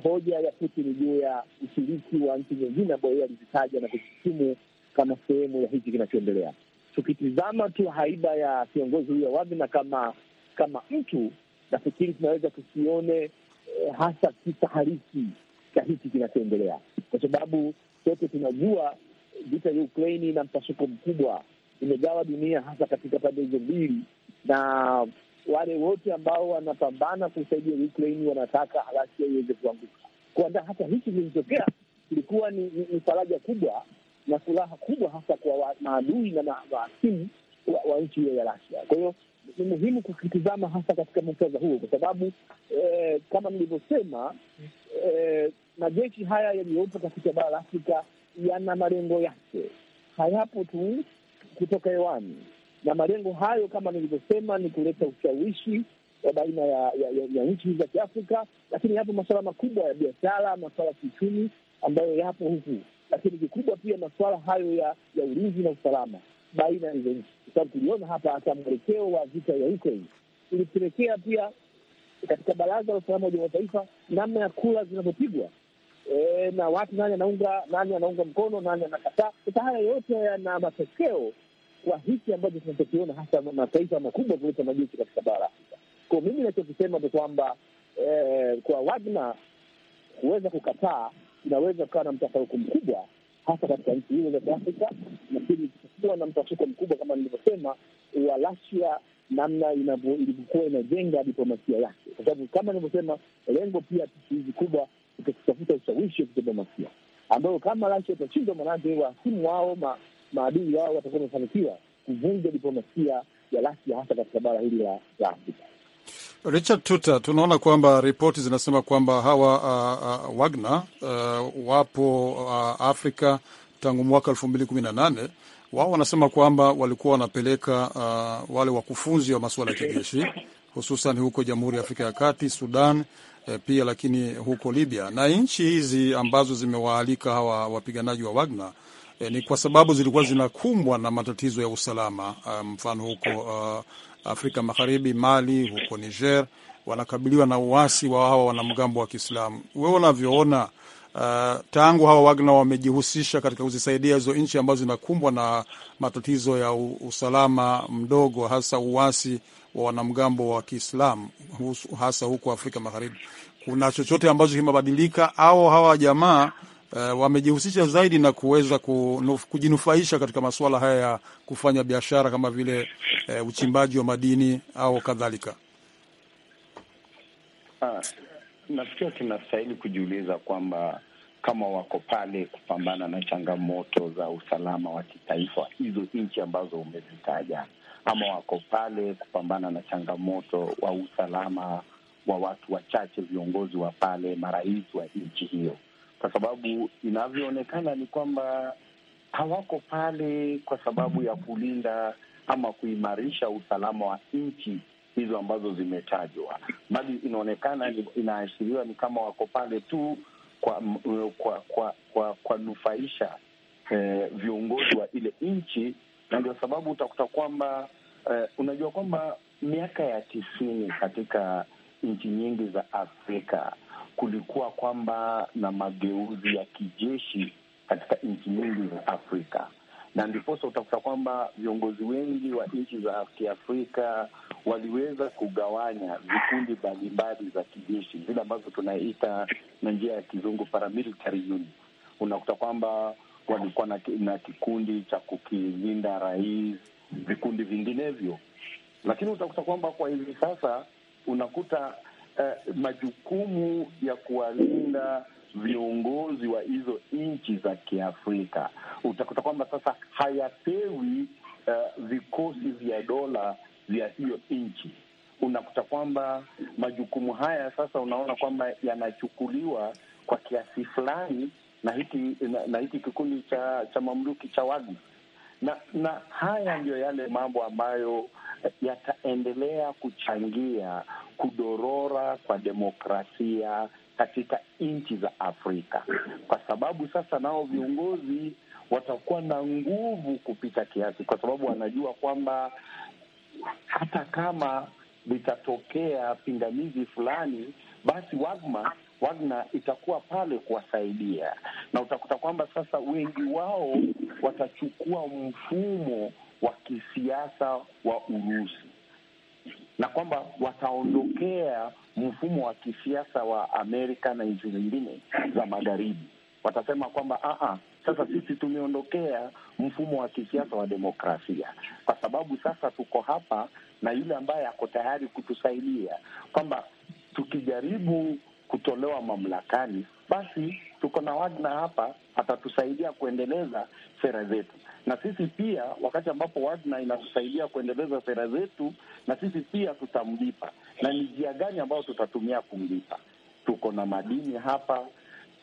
[SPEAKER 1] hoja ya Putin juu ya ushiriki wa nchi nyingine ambayo hiyo alizitaja na kuhitimu kama sehemu ya hiki kinachoendelea. Tukitizama tu haiba ya kiongozi huyo Wagner kama kama mtu, nafikiri tunaweza tusione hasa kitahariki cha hiki kinachoendelea, kwa sababu sote tunajua vita vya Ukraini na mpasuko mkubwa imegawa dunia hasa katika pande hizo mbili, na wale wote ambao wanapambana kusaidia Ukraini wanataka Rasia iweze kuanguka. Kuandaa hata hiki kilichotokea kilikuwa ni, ni, ni faraja kubwa na furaha kubwa hasa kwa maadui na maasimu wa, wa nchi hiyo ya Rasia. Kwa hiyo ni muhimu kukitizama hasa katika muktadha huo, kwa sababu eh, kama nilivyosema eh, majeshi haya yaliyopo katika bara la Afrika yana malengo yake, hayapo tu kutoka hewani, na malengo hayo kama nilivyosema ni kuleta ushawishi wa baina ya, ya, ya, ya nchi za Kiafrika, lakini yapo masuala makubwa ya biashara, masuala ya kiuchumi ambayo yapo huku, lakini kikubwa pia masuala hayo ya, ya ulinzi na usalama baina ya hizo nchi, kwa sababu tuliona hapa hata mwelekeo wa vita ya Ukraine ilipelekea pia katika Baraza la Usalama wa Umoja wa Mataifa namna ya kura zinavyopigwa e, na watu nani anaunga nani anaunga mkono nani anakataa. Sasa haya yote yana matokeo kwa hiki ambacho tunachokiona hasa mataifa makubwa kuleta majeshi katika bara Afrika. Kwa mimi nachokisema ni kwamba eh, kwa Wagner kuweza kukataa inaweza kukawa na mtafaruku mkubwa hasa katika nchi hizo za Kiafrika, lakini kukiwa na mpasuko mkubwa kama nilivyosema wa Rasia namna ilivyokuwa inajenga diplomasia yake, kwa sababu kama nilivyosema, lengo pia hizi kubwa kutafuta ushawishi wa kidiplomasia ambayo kama Rasia itashindwa, manake wahasimu wao maadui wao watakuwa wamefanikiwa kuvunja diplomasia ya Rasia hasa
[SPEAKER 4] katika bara hili la Afrika.
[SPEAKER 2] Richard tute tunaona kwamba ripoti zinasema kwamba hawa uh, uh, Wagner uh, wapo uh, Afrika tangu mwaka elfu mbili kumi na nane. Wao wanasema kwamba walikuwa wanapeleka uh, wale wakufunzi wa masuala ya kijeshi hususan huko Jamhuri ya Afrika ya Kati, Sudan eh, pia lakini huko Libya na nchi hizi ambazo zimewaalika hawa wapiganaji wa Wagner eh, ni kwa sababu zilikuwa zinakumbwa na matatizo ya usalama uh, mfano huko uh, Afrika Magharibi, Mali, huko Niger wanakabiliwa na uasi wa hawa wanamgambo wa Kiislamu. Wewe unavyoona, uh, tangu hawa Wagner wamejihusisha katika kuzisaidia hizo nchi ambazo zinakumbwa na matatizo ya usalama mdogo, hasa uasi wa wanamgambo wa Kiislamu hasa huko Afrika Magharibi, kuna chochote ambacho kimebadilika au hawa jamaa uh, wamejihusisha zaidi na kuweza kujinufaisha katika masuala haya ya kufanya biashara kama vile uh, uchimbaji wa madini au kadhalika. Ah, nafikiri
[SPEAKER 1] tunastahili kujiuliza kwamba kama wako pale kupambana na changamoto za usalama wa kitaifa hizo nchi ambazo umezitaja, ama wako pale kupambana na changamoto wa usalama wa watu wachache, viongozi wa pale, marais wa nchi hiyo kwa sababu inavyoonekana ni kwamba hawako pale kwa sababu ya kulinda ama kuimarisha usalama wa nchi hizo ambazo zimetajwa, bali inaonekana inaashiriwa ni kama wako pale tu kwa kwa kwa kwa kwanufaisha eh, viongozi wa ile nchi, na ndio sababu utakuta kwamba eh, unajua kwamba miaka ya tisini katika nchi nyingi za Afrika kulikuwa kwamba na mageuzi ya kijeshi katika nchi nyingi za Afrika, na ndiposa utakuta kwamba viongozi wengi wa nchi za Kiafrika waliweza kugawanya vikundi mbalimbali za kijeshi, zile ambazo tunaita na njia ya kizungu paramilitary Unakuta kwamba walikuwa na, na kikundi cha kukilinda rais, vikundi vinginevyo, lakini utakuta kwamba kwa hivi sasa unakuta eh, majukumu ya kuwalinda viongozi wa hizo nchi za Kiafrika. Utakuta kwamba sasa hayapewi uh, vikosi vya dola vya hiyo nchi. Unakuta kwamba majukumu haya sasa, unaona kwamba yanachukuliwa kwa kiasi fulani na hiki na, na hiki kikundi cha cha mamluki cha Wagner na na haya ndiyo yale mambo ambayo yataendelea kuchangia kudorora kwa demokrasia katika nchi za Afrika, kwa sababu sasa nao viongozi watakuwa na nguvu kupita kiasi, kwa sababu wanajua kwamba hata kama vitatokea pingamizi fulani, basi wagma Wagner itakuwa pale kuwasaidia, na utakuta kwamba sasa wengi wao watachukua mfumo wa kisiasa wa Urusi na kwamba wataondokea mfumo wa kisiasa wa Amerika na nchi zingine za magharibi. Watasema kwamba aha, sasa sisi tumeondokea mfumo wa kisiasa wa demokrasia, kwa sababu sasa tuko hapa na yule ambaye ako tayari kutusaidia, kwamba tukijaribu kutolewa mamlakani, basi tuko na Wagner hapa, atatusaidia kuendeleza sera zetu. Na sisi pia, wakati ambapo Wagner inatusaidia kuendeleza sera zetu, na sisi pia tutamlipa. Na ni njia gani ambayo tutatumia kumlipa? Tuko na madini hapa,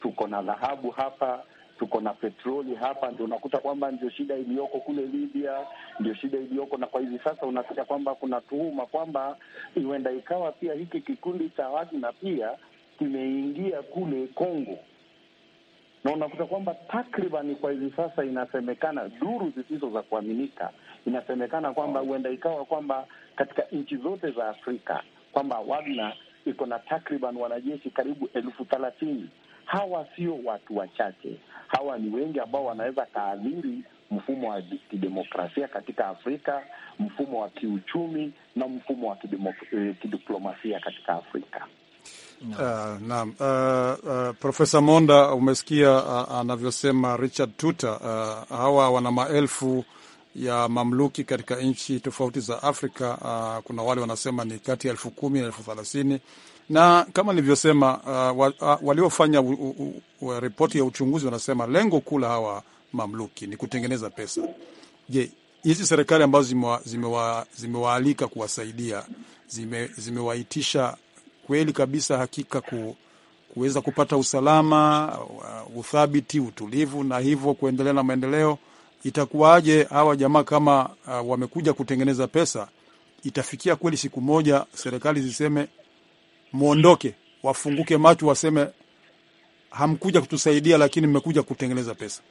[SPEAKER 1] tuko na dhahabu hapa tuko na petroli hapa. Ndio unakuta kwamba ndio shida iliyoko kule Libya, ndio shida iliyoko na kwa hivi sasa unakuta kwamba kuna tuhuma kwamba huenda ikawa pia hiki kikundi cha Wagner pia kimeingia kule Kongo na unakuta kwamba takribani kwa hivi sasa inasemekana, duru zisizo za kuaminika, inasemekana kwamba huenda ikawa kwamba katika nchi zote za Afrika kwamba Wagner iko na takriban wanajeshi karibu elfu thelathini. Hawa sio watu wachache, hawa ni wengi ambao wanaweza kaadhiri mfumo wa kidemokrasia katika Afrika, mfumo wa kiuchumi na mfumo wa eh, kidiplomasia katika Afrika.
[SPEAKER 2] No. Uh, eh, uh, eh, uh, eh, Profesa Monda, umesikia anavyosema Richard tute uh, hawa wana maelfu ya mamluki katika nchi tofauti za Afrika. Uh, kuna wale wanasema ni kati ya elfu kumi na elfu thelathini na kama nilivyosema, uh, waliofanya ripoti ya uchunguzi wanasema lengo kuu la hawa mamluki ni kutengeneza pesa. Je, hizi serikali ambazo zimewaalika zimewa, zime kuwasaidia zimewaitisha zime kweli kabisa, hakika ku, kuweza kupata usalama, uh, uthabiti, utulivu na hivyo kuendelea na maendeleo. Itakuwaje hawa jamaa kama uh, wamekuja kutengeneza pesa? Itafikia kweli siku moja serikali ziseme mwondoke, wafunguke macho, waseme hamkuja kutusaidia, lakini mmekuja kutengeneza pesa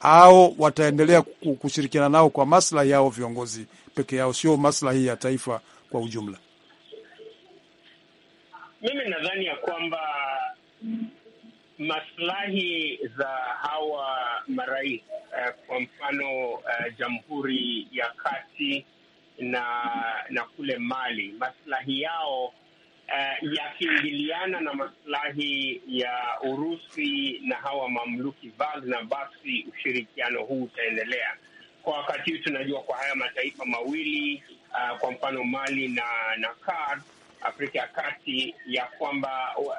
[SPEAKER 2] au wataendelea kushirikiana nao kwa maslahi yao viongozi peke yao, sio maslahi ya taifa kwa ujumla
[SPEAKER 5] mimi nadhani ya kwamba maslahi za hawa marais uh, kwa mfano uh, Jamhuri ya Kati na na kule Mali, maslahi yao uh, yakiingiliana na maslahi ya Urusi na hawa mamluki Wagner, basi ushirikiano huu utaendelea. Kwa wakati huu tunajua kwa haya mataifa mawili uh, kwa mfano Mali na na Card Afrika ya Kati ya kwamba uh,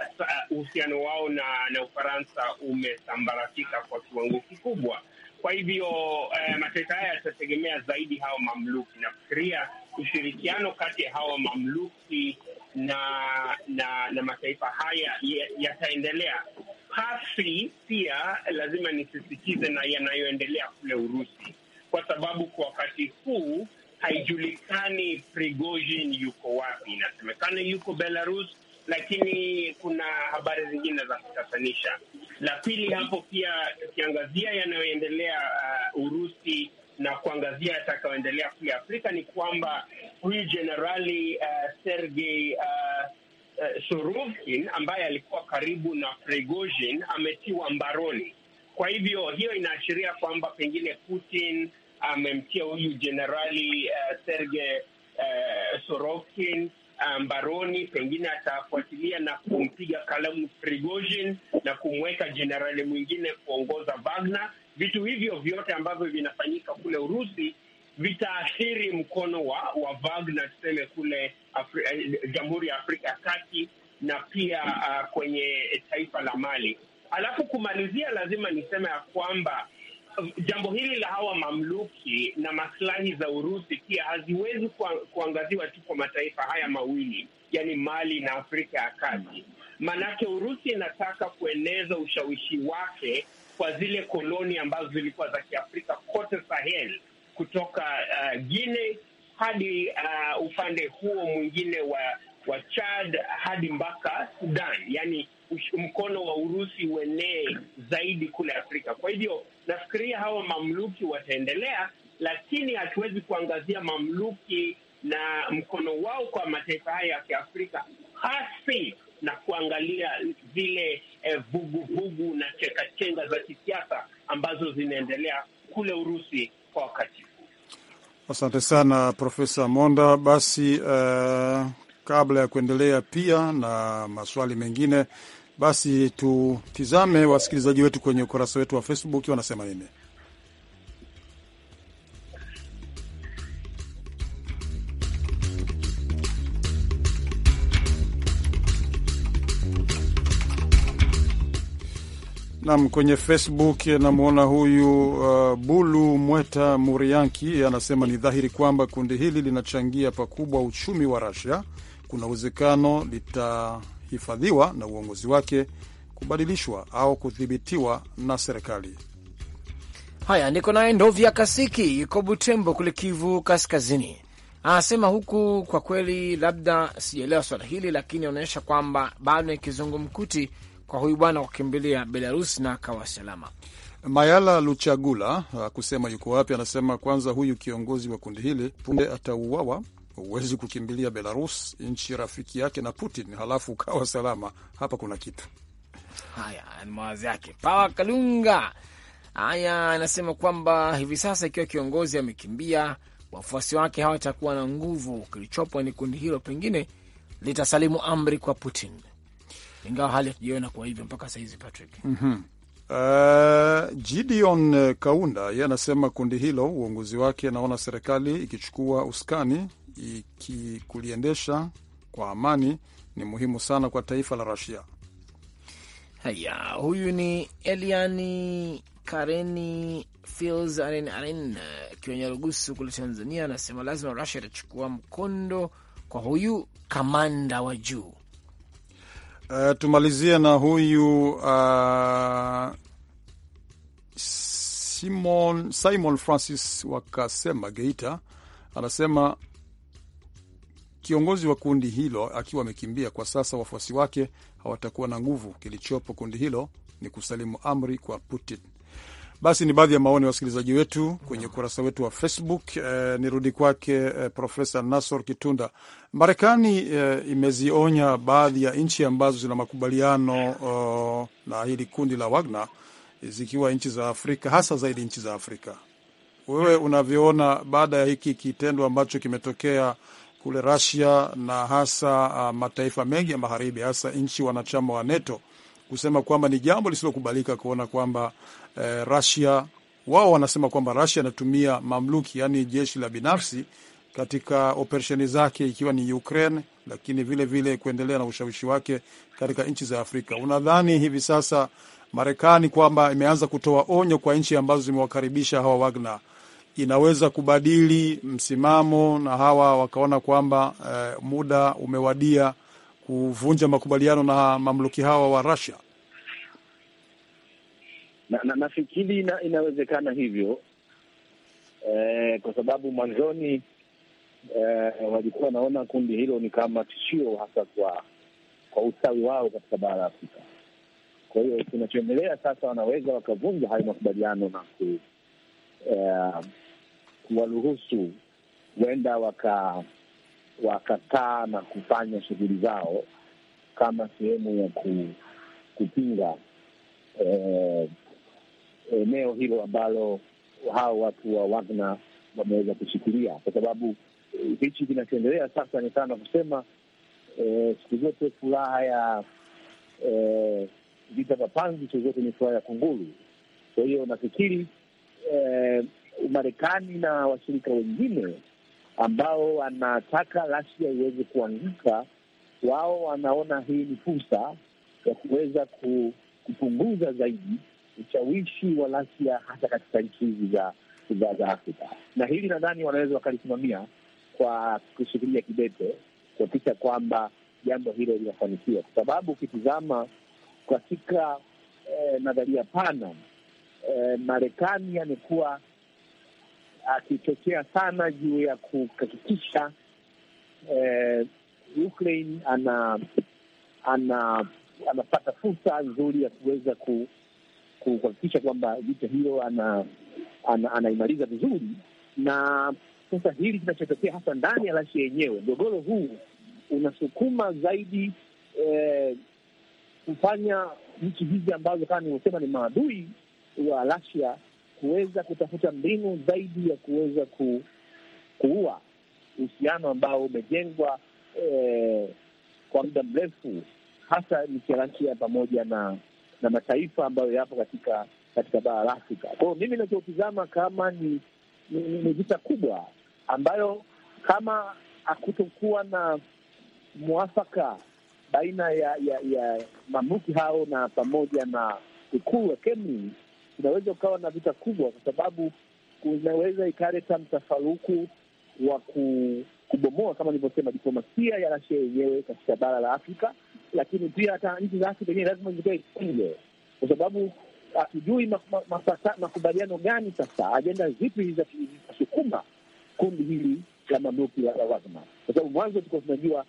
[SPEAKER 5] uhusiano wao na, na Ufaransa umesambaratika kwa kiwango kikubwa. Kwa hivyo eh, mataifa haya yatategemea zaidi hawa mamluki. Nafikiria ushirikiano kati ya hawa mamluki na na, na mataifa haya yataendelea pasi. Pia lazima nisisitize na yanayoendelea kule Urusi, kwa sababu kwa wakati huu haijulikani Prigozhin yuko wapi. Inasemekana yuko Belarus, lakini kuna habari zingine za kutatanisha. La pili hapo pia tukiangazia yanayoendelea uh, Urusi na kuangazia yatakayoendelea kule Afrika ni kwamba huyu jenerali uh, Sergei uh, uh, Surovkin ambaye alikuwa karibu na Prigozhin ametiwa mbaroni. Kwa hivyo hiyo inaashiria kwamba pengine Putin amemtia huyu jenerali uh, Serge uh, Sorokin eh, mbaroni um, pengine atafuatilia na kumpiga kalamu Prigozhin na kumweka jenerali mwingine kuongoza Wagner. Vitu hivyo vyote ambavyo vinafanyika kule Urusi vitaathiri mkono wa, wa Wagner tuseme kule Jamhuri ya Afrika ya Kati na pia uh, kwenye taifa la Mali. Alafu kumalizia, lazima niseme ya kwamba jambo hili la hawa mamluki na maslahi za Urusi pia haziwezi kuangaziwa tu kwa mataifa haya mawili, yani Mali na Afrika ya Kati, maanake Urusi inataka kueneza ushawishi wake kwa zile koloni ambazo zilikuwa za Kiafrika kote Sahel, kutoka uh, Guine hadi uh, upande huo mwingine wa wa Chad hadi mpaka Sudan, yani mkono wa Urusi uenee zaidi kule Afrika. Kwa hivyo nafikiria hawa mamluki wataendelea, lakini hatuwezi kuangazia mamluki na mkono wao kwa mataifa haya ya Kiafrika hasi na kuangalia zile eh, vuguvugu eh, na chekachenga za kisiasa ambazo zinaendelea kule Urusi kwa wakati huu.
[SPEAKER 2] Asante sana Profesa Monda. Basi uh, kabla ya kuendelea pia na maswali mengine basi tutizame wasikilizaji wetu kwenye ukurasa wetu wa Facebook wanasema nini. Nam, kwenye Facebook namwona huyu uh, Bulu Mweta Murianki anasema ni dhahiri kwamba kundi hili linachangia pakubwa uchumi wa rusia Kuna uwezekano lita kuhifadhiwa na uongozi wake kubadilishwa au kudhibitiwa na serikali. Haya, niko
[SPEAKER 3] naye Ndovya Kasiki, yuko Butembo kule Kivu Kaskazini, anasema huku kwa kweli, labda sijaelewa swala hili, lakini anaonyesha kwamba bado ni kizungumkuti
[SPEAKER 2] kwa huyu bwana kukimbilia Belarus na akawa salama. Mayala Luchagula uh, kusema yuko wapi, anasema kwanza, huyu kiongozi wa kundi hili punde atauawa Huwezi kukimbilia Belarus, nchi rafiki yake na Putin, halafu ukawa salama. Hapa kuna kitu.
[SPEAKER 3] Haya ni mawazi yake Pawa Kalunga. Haya, anasema kwamba hivi sasa ikiwa kiongozi amekimbia, wafuasi wake hawatakuwa na nguvu. Kilichopo ni kundi hilo pengine litasalimu amri kwa Putin, ingawa hali hatujaona kwa hivyo mpaka sahizi, Patrick.
[SPEAKER 2] mm -hmm. Uh, Gideon Kaunda yeye anasema kundi hilo uongozi wake anaona serikali ikichukua uskani kuliendesha kwa amani ni muhimu sana kwa taifa la Rasia. Haya,
[SPEAKER 3] huyu ni Eliani Kareni Fils Aren Aren akiwa eh, Nyarugusu kule Tanzania, anasema lazima Rusia itachukua mkondo
[SPEAKER 2] kwa huyu kamanda wa juu. Uh, tumalizie na huyu uh, Simon, Simon Francis wakasema Geita anasema Kiongozi wa kundi hilo akiwa amekimbia, kwa sasa wafuasi wake hawatakuwa na nguvu. Kilichopo kundi hilo ni kusalimu amri kwa Putin. Basi ni baadhi ya maoni ya wasikilizaji wetu kwenye ukurasa wetu wa Facebook. Eh, nirudi kwake eh, Profesa Nasor Kitunda. Marekani eh, imezionya baadhi ya nchi ambazo zina makubaliano oh, na hili kundi la Wagner, zikiwa nchi za Afrika, hasa zaidi nchi za Afrika. Wewe unavyoona baada ya hiki kitendo ambacho kimetokea kule Russia na hasa uh, mataifa mengi ya magharibi hasa nchi wanachama wa NATO kusema kwamba ni jambo lisilokubalika kuona kwamba uh, Russia wao wanasema kwamba Russia inatumia mamluki, yaani jeshi la binafsi katika operesheni zake ikiwa ni Ukraine, lakini vile vile kuendelea na ushawishi wake katika nchi za Afrika. Unadhani hivi sasa Marekani kwamba imeanza kutoa onyo kwa nchi ambazo zimewakaribisha hawa Wagner inaweza kubadili msimamo na hawa wakaona kwamba eh, muda umewadia kuvunja makubaliano na mamluki hawa wa Russia.
[SPEAKER 1] Na, na, nafikiri na, inawezekana hivyo eh, kwa sababu mwanzoni eh, walikuwa wanaona kundi hilo ni kama tishio hasa kwa kwa ustawi wao katika bara la Afrika. Kwa hiyo kinachoendelea sasa, wanaweza wakavunja hayo makubaliano na ku eh, kuwaruhusu huenda waka wakakaa na kufanya shughuli zao kama sehemu ya ku, kupinga eh, eneo eh, hilo ambalo hao watu wa Wagner wameweza kushikilia, kwa sababu eh, hichi kinachoendelea sasa ni sana kusema eh, siku zote furaha ya eh, vita vya panzi siku zote ni furaha ya kunguru. Kwa hiyo nafikiri eh, marekani na washirika wengine ambao wanataka Rasia iweze kuanguka, wao wanaona hii ni fursa ya kuweza kupunguza zaidi ushawishi wa Rasia hata katika nchi hizi za za Afrika, na hili nadhani wanaweza wakalisimamia kwa kushikilia kidete kuhakikisha kwamba jambo hilo linafanikiwa, kwa sababu ukitizama katika eh, nadharia pana eh, Marekani amekuwa akichochea sana juu ya kuhakikisha eh, Ukraine ana, ana anapata fursa nzuri ya kuweza kuhakikisha kwamba vita hiyo anaimaliza ana, ana vizuri. Na sasa hili kinachotokea hasa ndani ya Rasia yenyewe, mgogoro huu unasukuma zaidi eh, kufanya nchi hizi ambazo kama nimesema ni maadui wa Rasia kuweza kutafuta mbinu zaidi ya kuweza ku, kuua uhusiano ambao umejengwa eh, kwa muda mrefu hasa nikiangalia pamoja na na mataifa ambayo yapo katika katika bara la Afrika. Kwa hiyo mimi inachotizama kama ni, ni, ni vita kubwa ambayo kama hakutokuwa na mwafaka baina ya, ya, ya mamuki hao na pamoja na ikulu ya Kremlin kunaweza ukawa na vita kubwa, kwa sababu kunaweza ikaleta mtafaruku wa kubomoa, kama nilivyosema, diplomasia ya Rasia yenyewe katika bara la Afrika, lakini pia hata nchi za Afrika yenyewe lazima zikae nje, kwa sababu hatujui makubaliano gani sasa, ajenda zipi zitasukuma kundi hili la mamluki la Wagner, kwa sababu mwanzo tulikuwa tunajua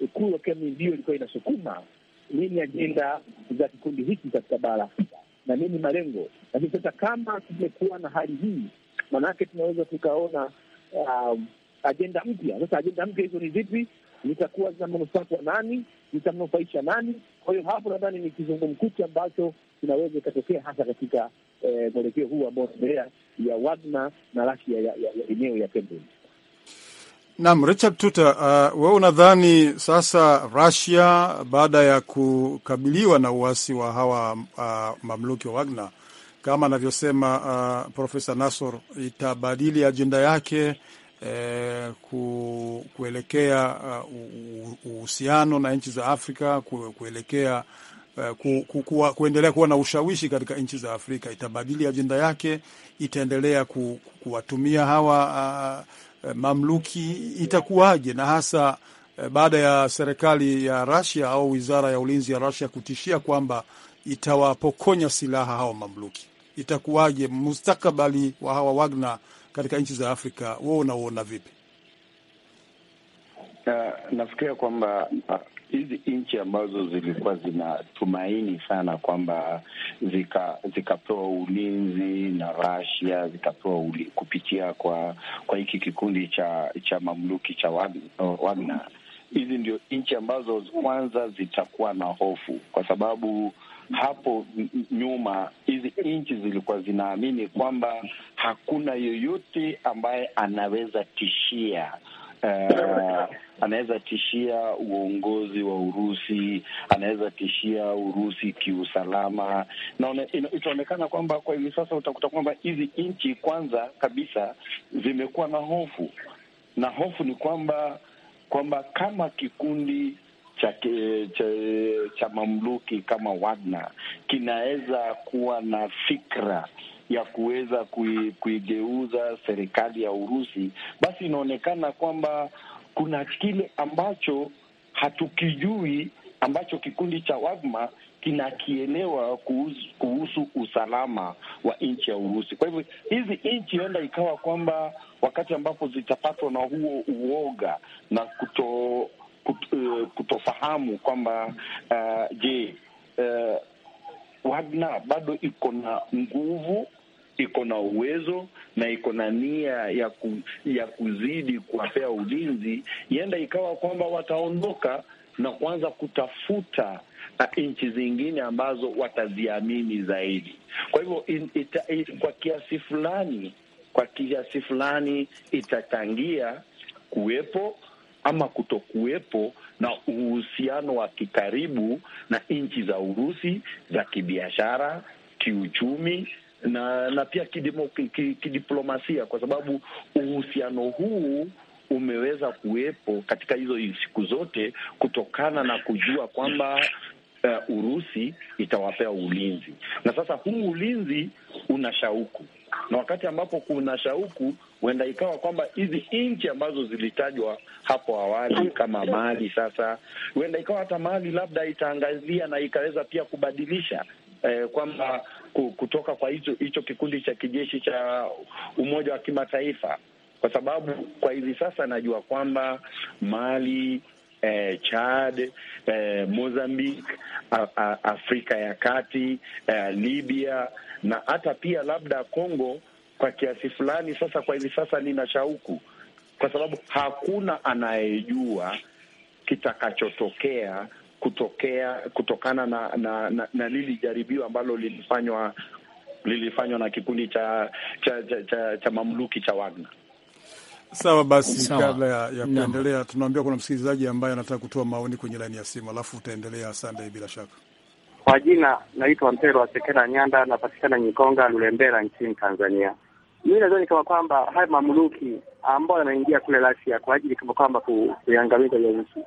[SPEAKER 1] Ikulu eh, ya Kremlin ndio ilikuwa inasukuma nini ajenda za kikundi hiki katika bara la Afrika na nini malengo. Lakini sasa kama tumekuwa na hali hii, maanake tunaweza tukaona uh, um, ajenda mpya. Sasa ajenda mpya hizo ni zipi? Zitakuwa zina manufaa kwa nani? Zitamnufaisha nani? Kwa hiyo hapo nadhani ni kizungumkuti ambacho kinaweza ikatokea hasa katika eh, mwelekeo huu ambao unaendelea ya Wagner na rasia ya eneo ya, ya, ya, ya pembeni.
[SPEAKER 2] Naam, Richard Tute, uh, we unadhani sasa Russia baada ya kukabiliwa na uasi wa hawa uh, mamluki wa Wagner kama anavyosema uh, Profesa Nasor itabadili ajenda yake eh, ku, kuelekea uh, uhusiano na nchi za Afrika ku, kuelekea Eh, ku, ku, ku, kuendelea kuwa na ushawishi katika nchi za Afrika. Itabadili ajenda yake, itaendelea ku, kuwatumia hawa uh, mamluki, itakuwaje? Na hasa uh, baada ya serikali ya Russia au wizara ya ulinzi ya Russia kutishia kwamba itawapokonya silaha hawa mamluki, itakuwaje mustakabali wa hawa Wagner katika nchi za Afrika? Wewe unauona vipi?
[SPEAKER 1] nafikiria kwamba ah, hizi nchi ambazo zilikuwa zinatumaini sana kwamba zikapewa zika ulinzi na Russia zikapewa kupitia kwa kwa hiki kikundi cha cha mamluki cha oh, Wagner, hizi ndio nchi ambazo kwanza zitakuwa na hofu, kwa sababu hapo nyuma hizi nchi zilikuwa zinaamini kwamba hakuna yoyote ambaye anaweza tishia uh, anaweza tishia uongozi wa Urusi, anaweza tishia Urusi kiusalama, na itaonekana kwamba kwa hivi sasa utakuta kwamba hizi nchi kwanza kabisa zimekuwa na hofu, na hofu ni kwamba kwamba kama kikundi cha, cha, cha mamluki kama Wagner kinaweza kuwa na fikra ya kuweza kuigeuza serikali ya Urusi, basi inaonekana kwamba kuna kile ambacho hatukijui ambacho kikundi cha wagma kinakielewa kuhusu, kuhusu usalama wa nchi ya Urusi. Kwa hivyo hizi nchi huenda ikawa kwamba wakati ambapo zitapatwa na huo uoga na kuto, kuto, eh, kutofahamu kwamba uh, je, uh, eh, Wagner bado iko na nguvu iko na uwezo na iko na nia ya, ku, ya kuzidi kuwapea ulinzi, ienda ikawa kwamba wataondoka na kuanza kutafuta nchi zingine ambazo wataziamini zaidi. Kwa hivyo kwa kiasi fulani kwa kiasi fulani itachangia kuwepo ama kutokuwepo na uhusiano wa kikaribu na nchi za Urusi za kibiashara, kiuchumi na na pia kidimo, kidiplomasia kwa sababu uhusiano huu umeweza kuwepo katika hizo siku zote kutokana na kujua kwamba uh, Urusi itawapea ulinzi, na sasa huu ulinzi una shauku, na wakati ambapo kuna shauku, huenda ikawa kwamba hizi nchi ambazo zilitajwa hapo awali kama Mali, sasa huenda ikawa hata Mali labda itaangazia na ikaweza pia kubadilisha eh, kwamba kutoka kwa hicho kikundi cha kijeshi cha Umoja wa Kimataifa, kwa sababu kwa hivi sasa najua kwamba Mali Eh, Chad, eh, Mozambique, a, a, Afrika ya Kati, eh, Libya na hata pia labda congo kwa kiasi fulani. Sasa kwa hivi sasa nina shauku, kwa sababu hakuna anayejua kitakachotokea kutokea kutokana na, na, na, na lili jaribio ambalo lilifanywa lilifanywa na kikundi cha cha, cha, cha, cha mamluki cha Wagner.
[SPEAKER 2] Sawa basi, Sawa. Kabla ya, ya kuendelea, tunaambia kuna msikilizaji ambaye anataka kutoa maoni kwenye laini ya simu, alafu utaendelea Sunday bila shaka.
[SPEAKER 4] Kwa jina naitwa Mpero wa Sekela Nyanda, napatikana Nyikonga Lulembela nchini Tanzania. Mimi nadhani kama kwamba haya mamluki ambao yanaingia kule Russia kwa ajili kama kwamba kuiangamiza nchi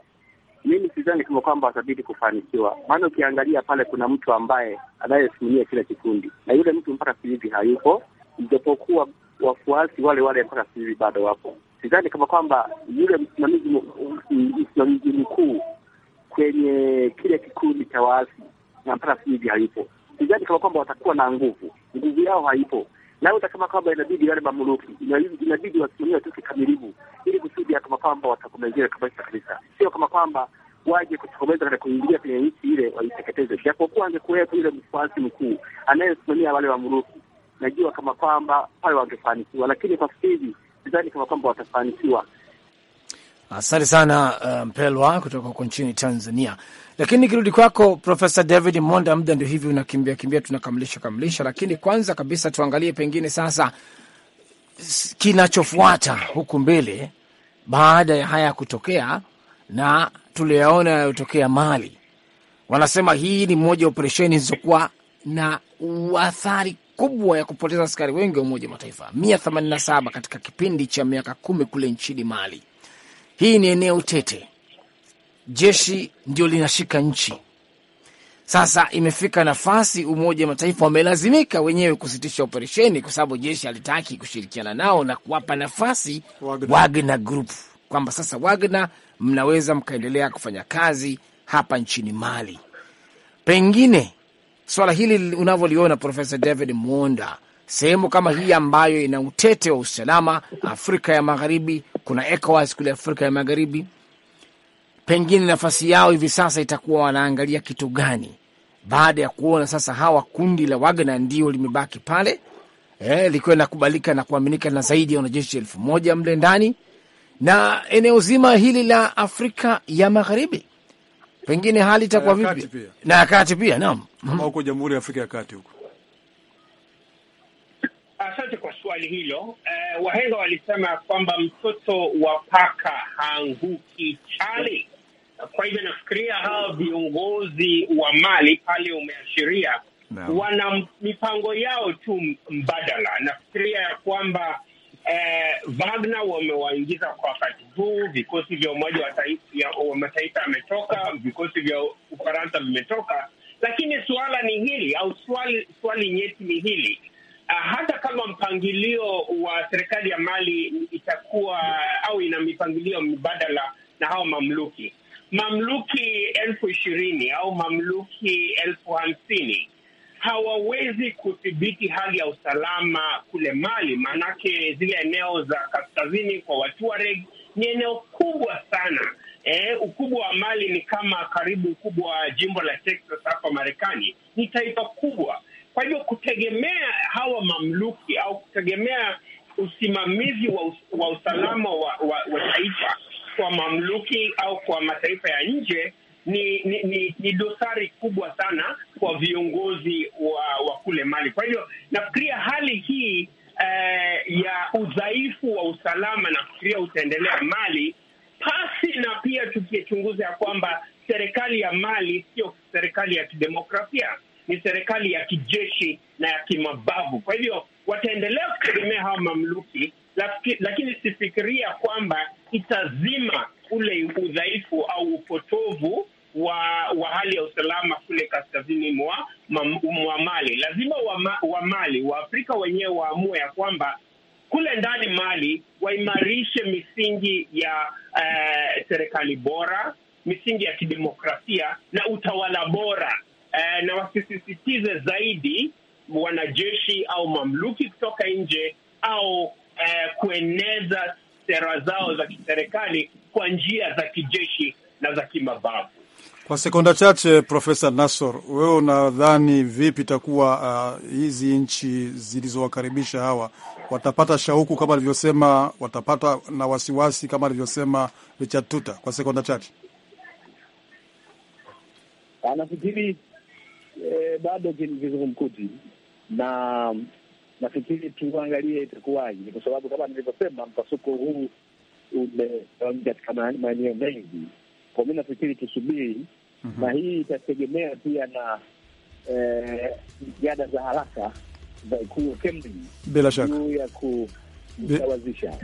[SPEAKER 4] mimi sidhani kama kwamba atabidi kufanikiwa, maana ukiangalia pale kuna mtu ambaye anayesimamia kila kikundi, na yule mtu mpaka sasa hivi hayupo, ijapokuwa wafuasi wale wale mpaka sasa hivi bado wapo. Sidhani kama kwamba yule msimamizi msimamizi mkuu kwenye kile kikundi cha waasi na mpaka sasa hivi hayupo. Sidhani kama kwamba watakuwa na nguvu, nguvu yao haipo na hata kama kwamba inabidi wale mamluki inabidi wasimamiwe tu kikamilifu, ili kusudi kama kwamba watakomezea kabisa kabisa, sio kama kwamba waje kutokomeza na kuingilia kwenye nchi ile waiteketeze, japokuwa angekuwepo yule mfuasi mkuu anayesimamia wale mamluki, najua kama kwamba pale wangefanikiwa, lakini kwa sasa hivi sidhani kama kwamba watafanikiwa.
[SPEAKER 3] Asante sana uh, Mpelwa kutoka huko nchini Tanzania. Lakini nikirudi kwako Profesa David Monda, muda ndio hivi unakimbia kimbia, tunakamilisha kamilisha, lakini kwanza kabisa tuangalie pengine sasa kinachofuata huku mbele baada ya haya kutokea na tuliyaona yayotokea Mali. Wanasema hii ni moja ya operesheni zilizokuwa na athari kubwa ya kupoteza askari wengi wa Umoja wa Mataifa, mia themanini na saba katika kipindi cha miaka kumi kule nchini Mali. Hii ni eneo tete, jeshi ndio linashika nchi. Sasa imefika nafasi Umoja wa Mataifa wamelazimika wenyewe kusitisha operesheni, kwa sababu jeshi halitaki kushirikiana nao na kuwapa nafasi Wagner, Wagner Group kwamba sasa Wagner mnaweza mkaendelea kufanya kazi hapa nchini Mali. Pengine swala hili unavyoliona, Profesa David Mwonda, sehemu kama hii ambayo ina utete wa usalama, Afrika ya Magharibi, kuna ECOWAS kule Afrika ya Magharibi, pengine nafasi yao hivi sasa itakuwa wanaangalia kitu gani baada ya kuona sasa hawa kundi la Wagner ndio limebaki pale eh, likiwa linakubalika na kuaminika na zaidi ya wanajeshi elfu moja mle ndani na eneo zima hili la Afrika ya Magharibi, pengine hali itakuwa vipi
[SPEAKER 2] na ya kati pia, naam, huko Jamhuri ya Afrika ya Kati huko Asante kwa
[SPEAKER 5] swali hilo. Eh, wahenga walisema kwamba mtoto wa paka haanguki chali. Kwa hivyo nafikiria hawa viongozi wa Mali pale umeashiria no. wana mipango yao tu mbadala. Nafikiria ya kwamba eh, Wagner wamewaingiza kwa wakati huu, vikosi vya Umoja wa Mataifa yametoka, vikosi vya Ufaransa vimetoka, lakini suala ni hili au swali, swali nyeti ni hili Ah, hata kama mpangilio wa serikali ya Mali itakuwa au ina mipangilio mbadala na hao mamluki, mamluki elfu ishirini au mamluki elfu hamsini hawawezi kudhibiti hali ya usalama kule Mali, maanake zile eneo za kaskazini kwa Watuareg ni eneo kubwa sana. E, ukubwa wa Mali ni kama karibu ukubwa wa jimbo la Texas hapa Marekani. Ni taifa kubwa kwa hivyo kutegemea hawa mamluki au kutegemea usimamizi wa, wa usalama wa, wa, wa taifa kwa mamluki au kwa mataifa ya nje ni, ni, ni, ni dosari kubwa sana kwa viongozi wa, wa kule Mali. Kwa hivyo nafikiria hali hii eh, ya udhaifu wa usalama nafikiria utaendelea Mali pasi na pia tukichunguza ya kwamba serikali ya Mali sio serikali ya kidemokrasia ni serikali ya kijeshi na ya kimabavu. Kwa hivyo wataendelea kutegemea hawa mamluki, lakini sifikiria kwamba itazima ule udhaifu au upotovu wa, wa hali ya usalama kule kaskazini mwa, mwa Mali. Lazima wa, wa Mali Waafrika wenyewe waamue ya kwamba kule ndani Mali waimarishe misingi ya eh, serikali uh, bora, misingi ya kidemokrasia na utawala bora eh, na wasisisitize zaidi wanajeshi au mamluki kutoka nje au eh, kueneza sera zao za kiserikali kwa njia za kijeshi na za kimabavu.
[SPEAKER 2] Kwa sekonda chache, Profesa Nassor, wewe unadhani vipi itakuwa eh, hizi nchi zilizowakaribisha hawa watapata shauku kama alivyosema, watapata na wasiwasi kama alivyosema Richard Tuta? Kwa sekonda chache,
[SPEAKER 1] anafikiri ah, eh, bado kizungumkuti, na nafikiri tuangalie itakuwaje, kwa sababu kama nilivyosema mpasuko huu umegawanyika katika maeneo mengi. Kwa mi nafikiri tusubiri, mhm. na hii itategemea pia na eh, jitihada za haraka za ikulu ya
[SPEAKER 2] ku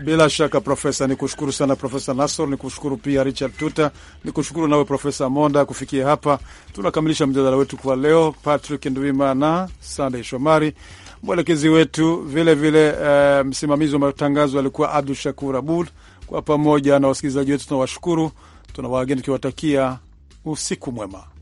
[SPEAKER 2] bila shaka Profesa, ni kushukuru sana Profesa Nasor, ni kushukuru pia Richard Tuta, ni kushukuru nawe Profesa Monda. Kufikia hapa tunakamilisha mjadala wetu kwa leo. Patrick ndwimana na Sandey Shomari mwelekezi wetu vilevile vile, uh, msimamizi wa matangazo alikuwa Abdu Shakur Abud. Kwa pamoja na wasikilizaji wetu tunawashukuru, tunawaageni tukiwatakia usiku mwema.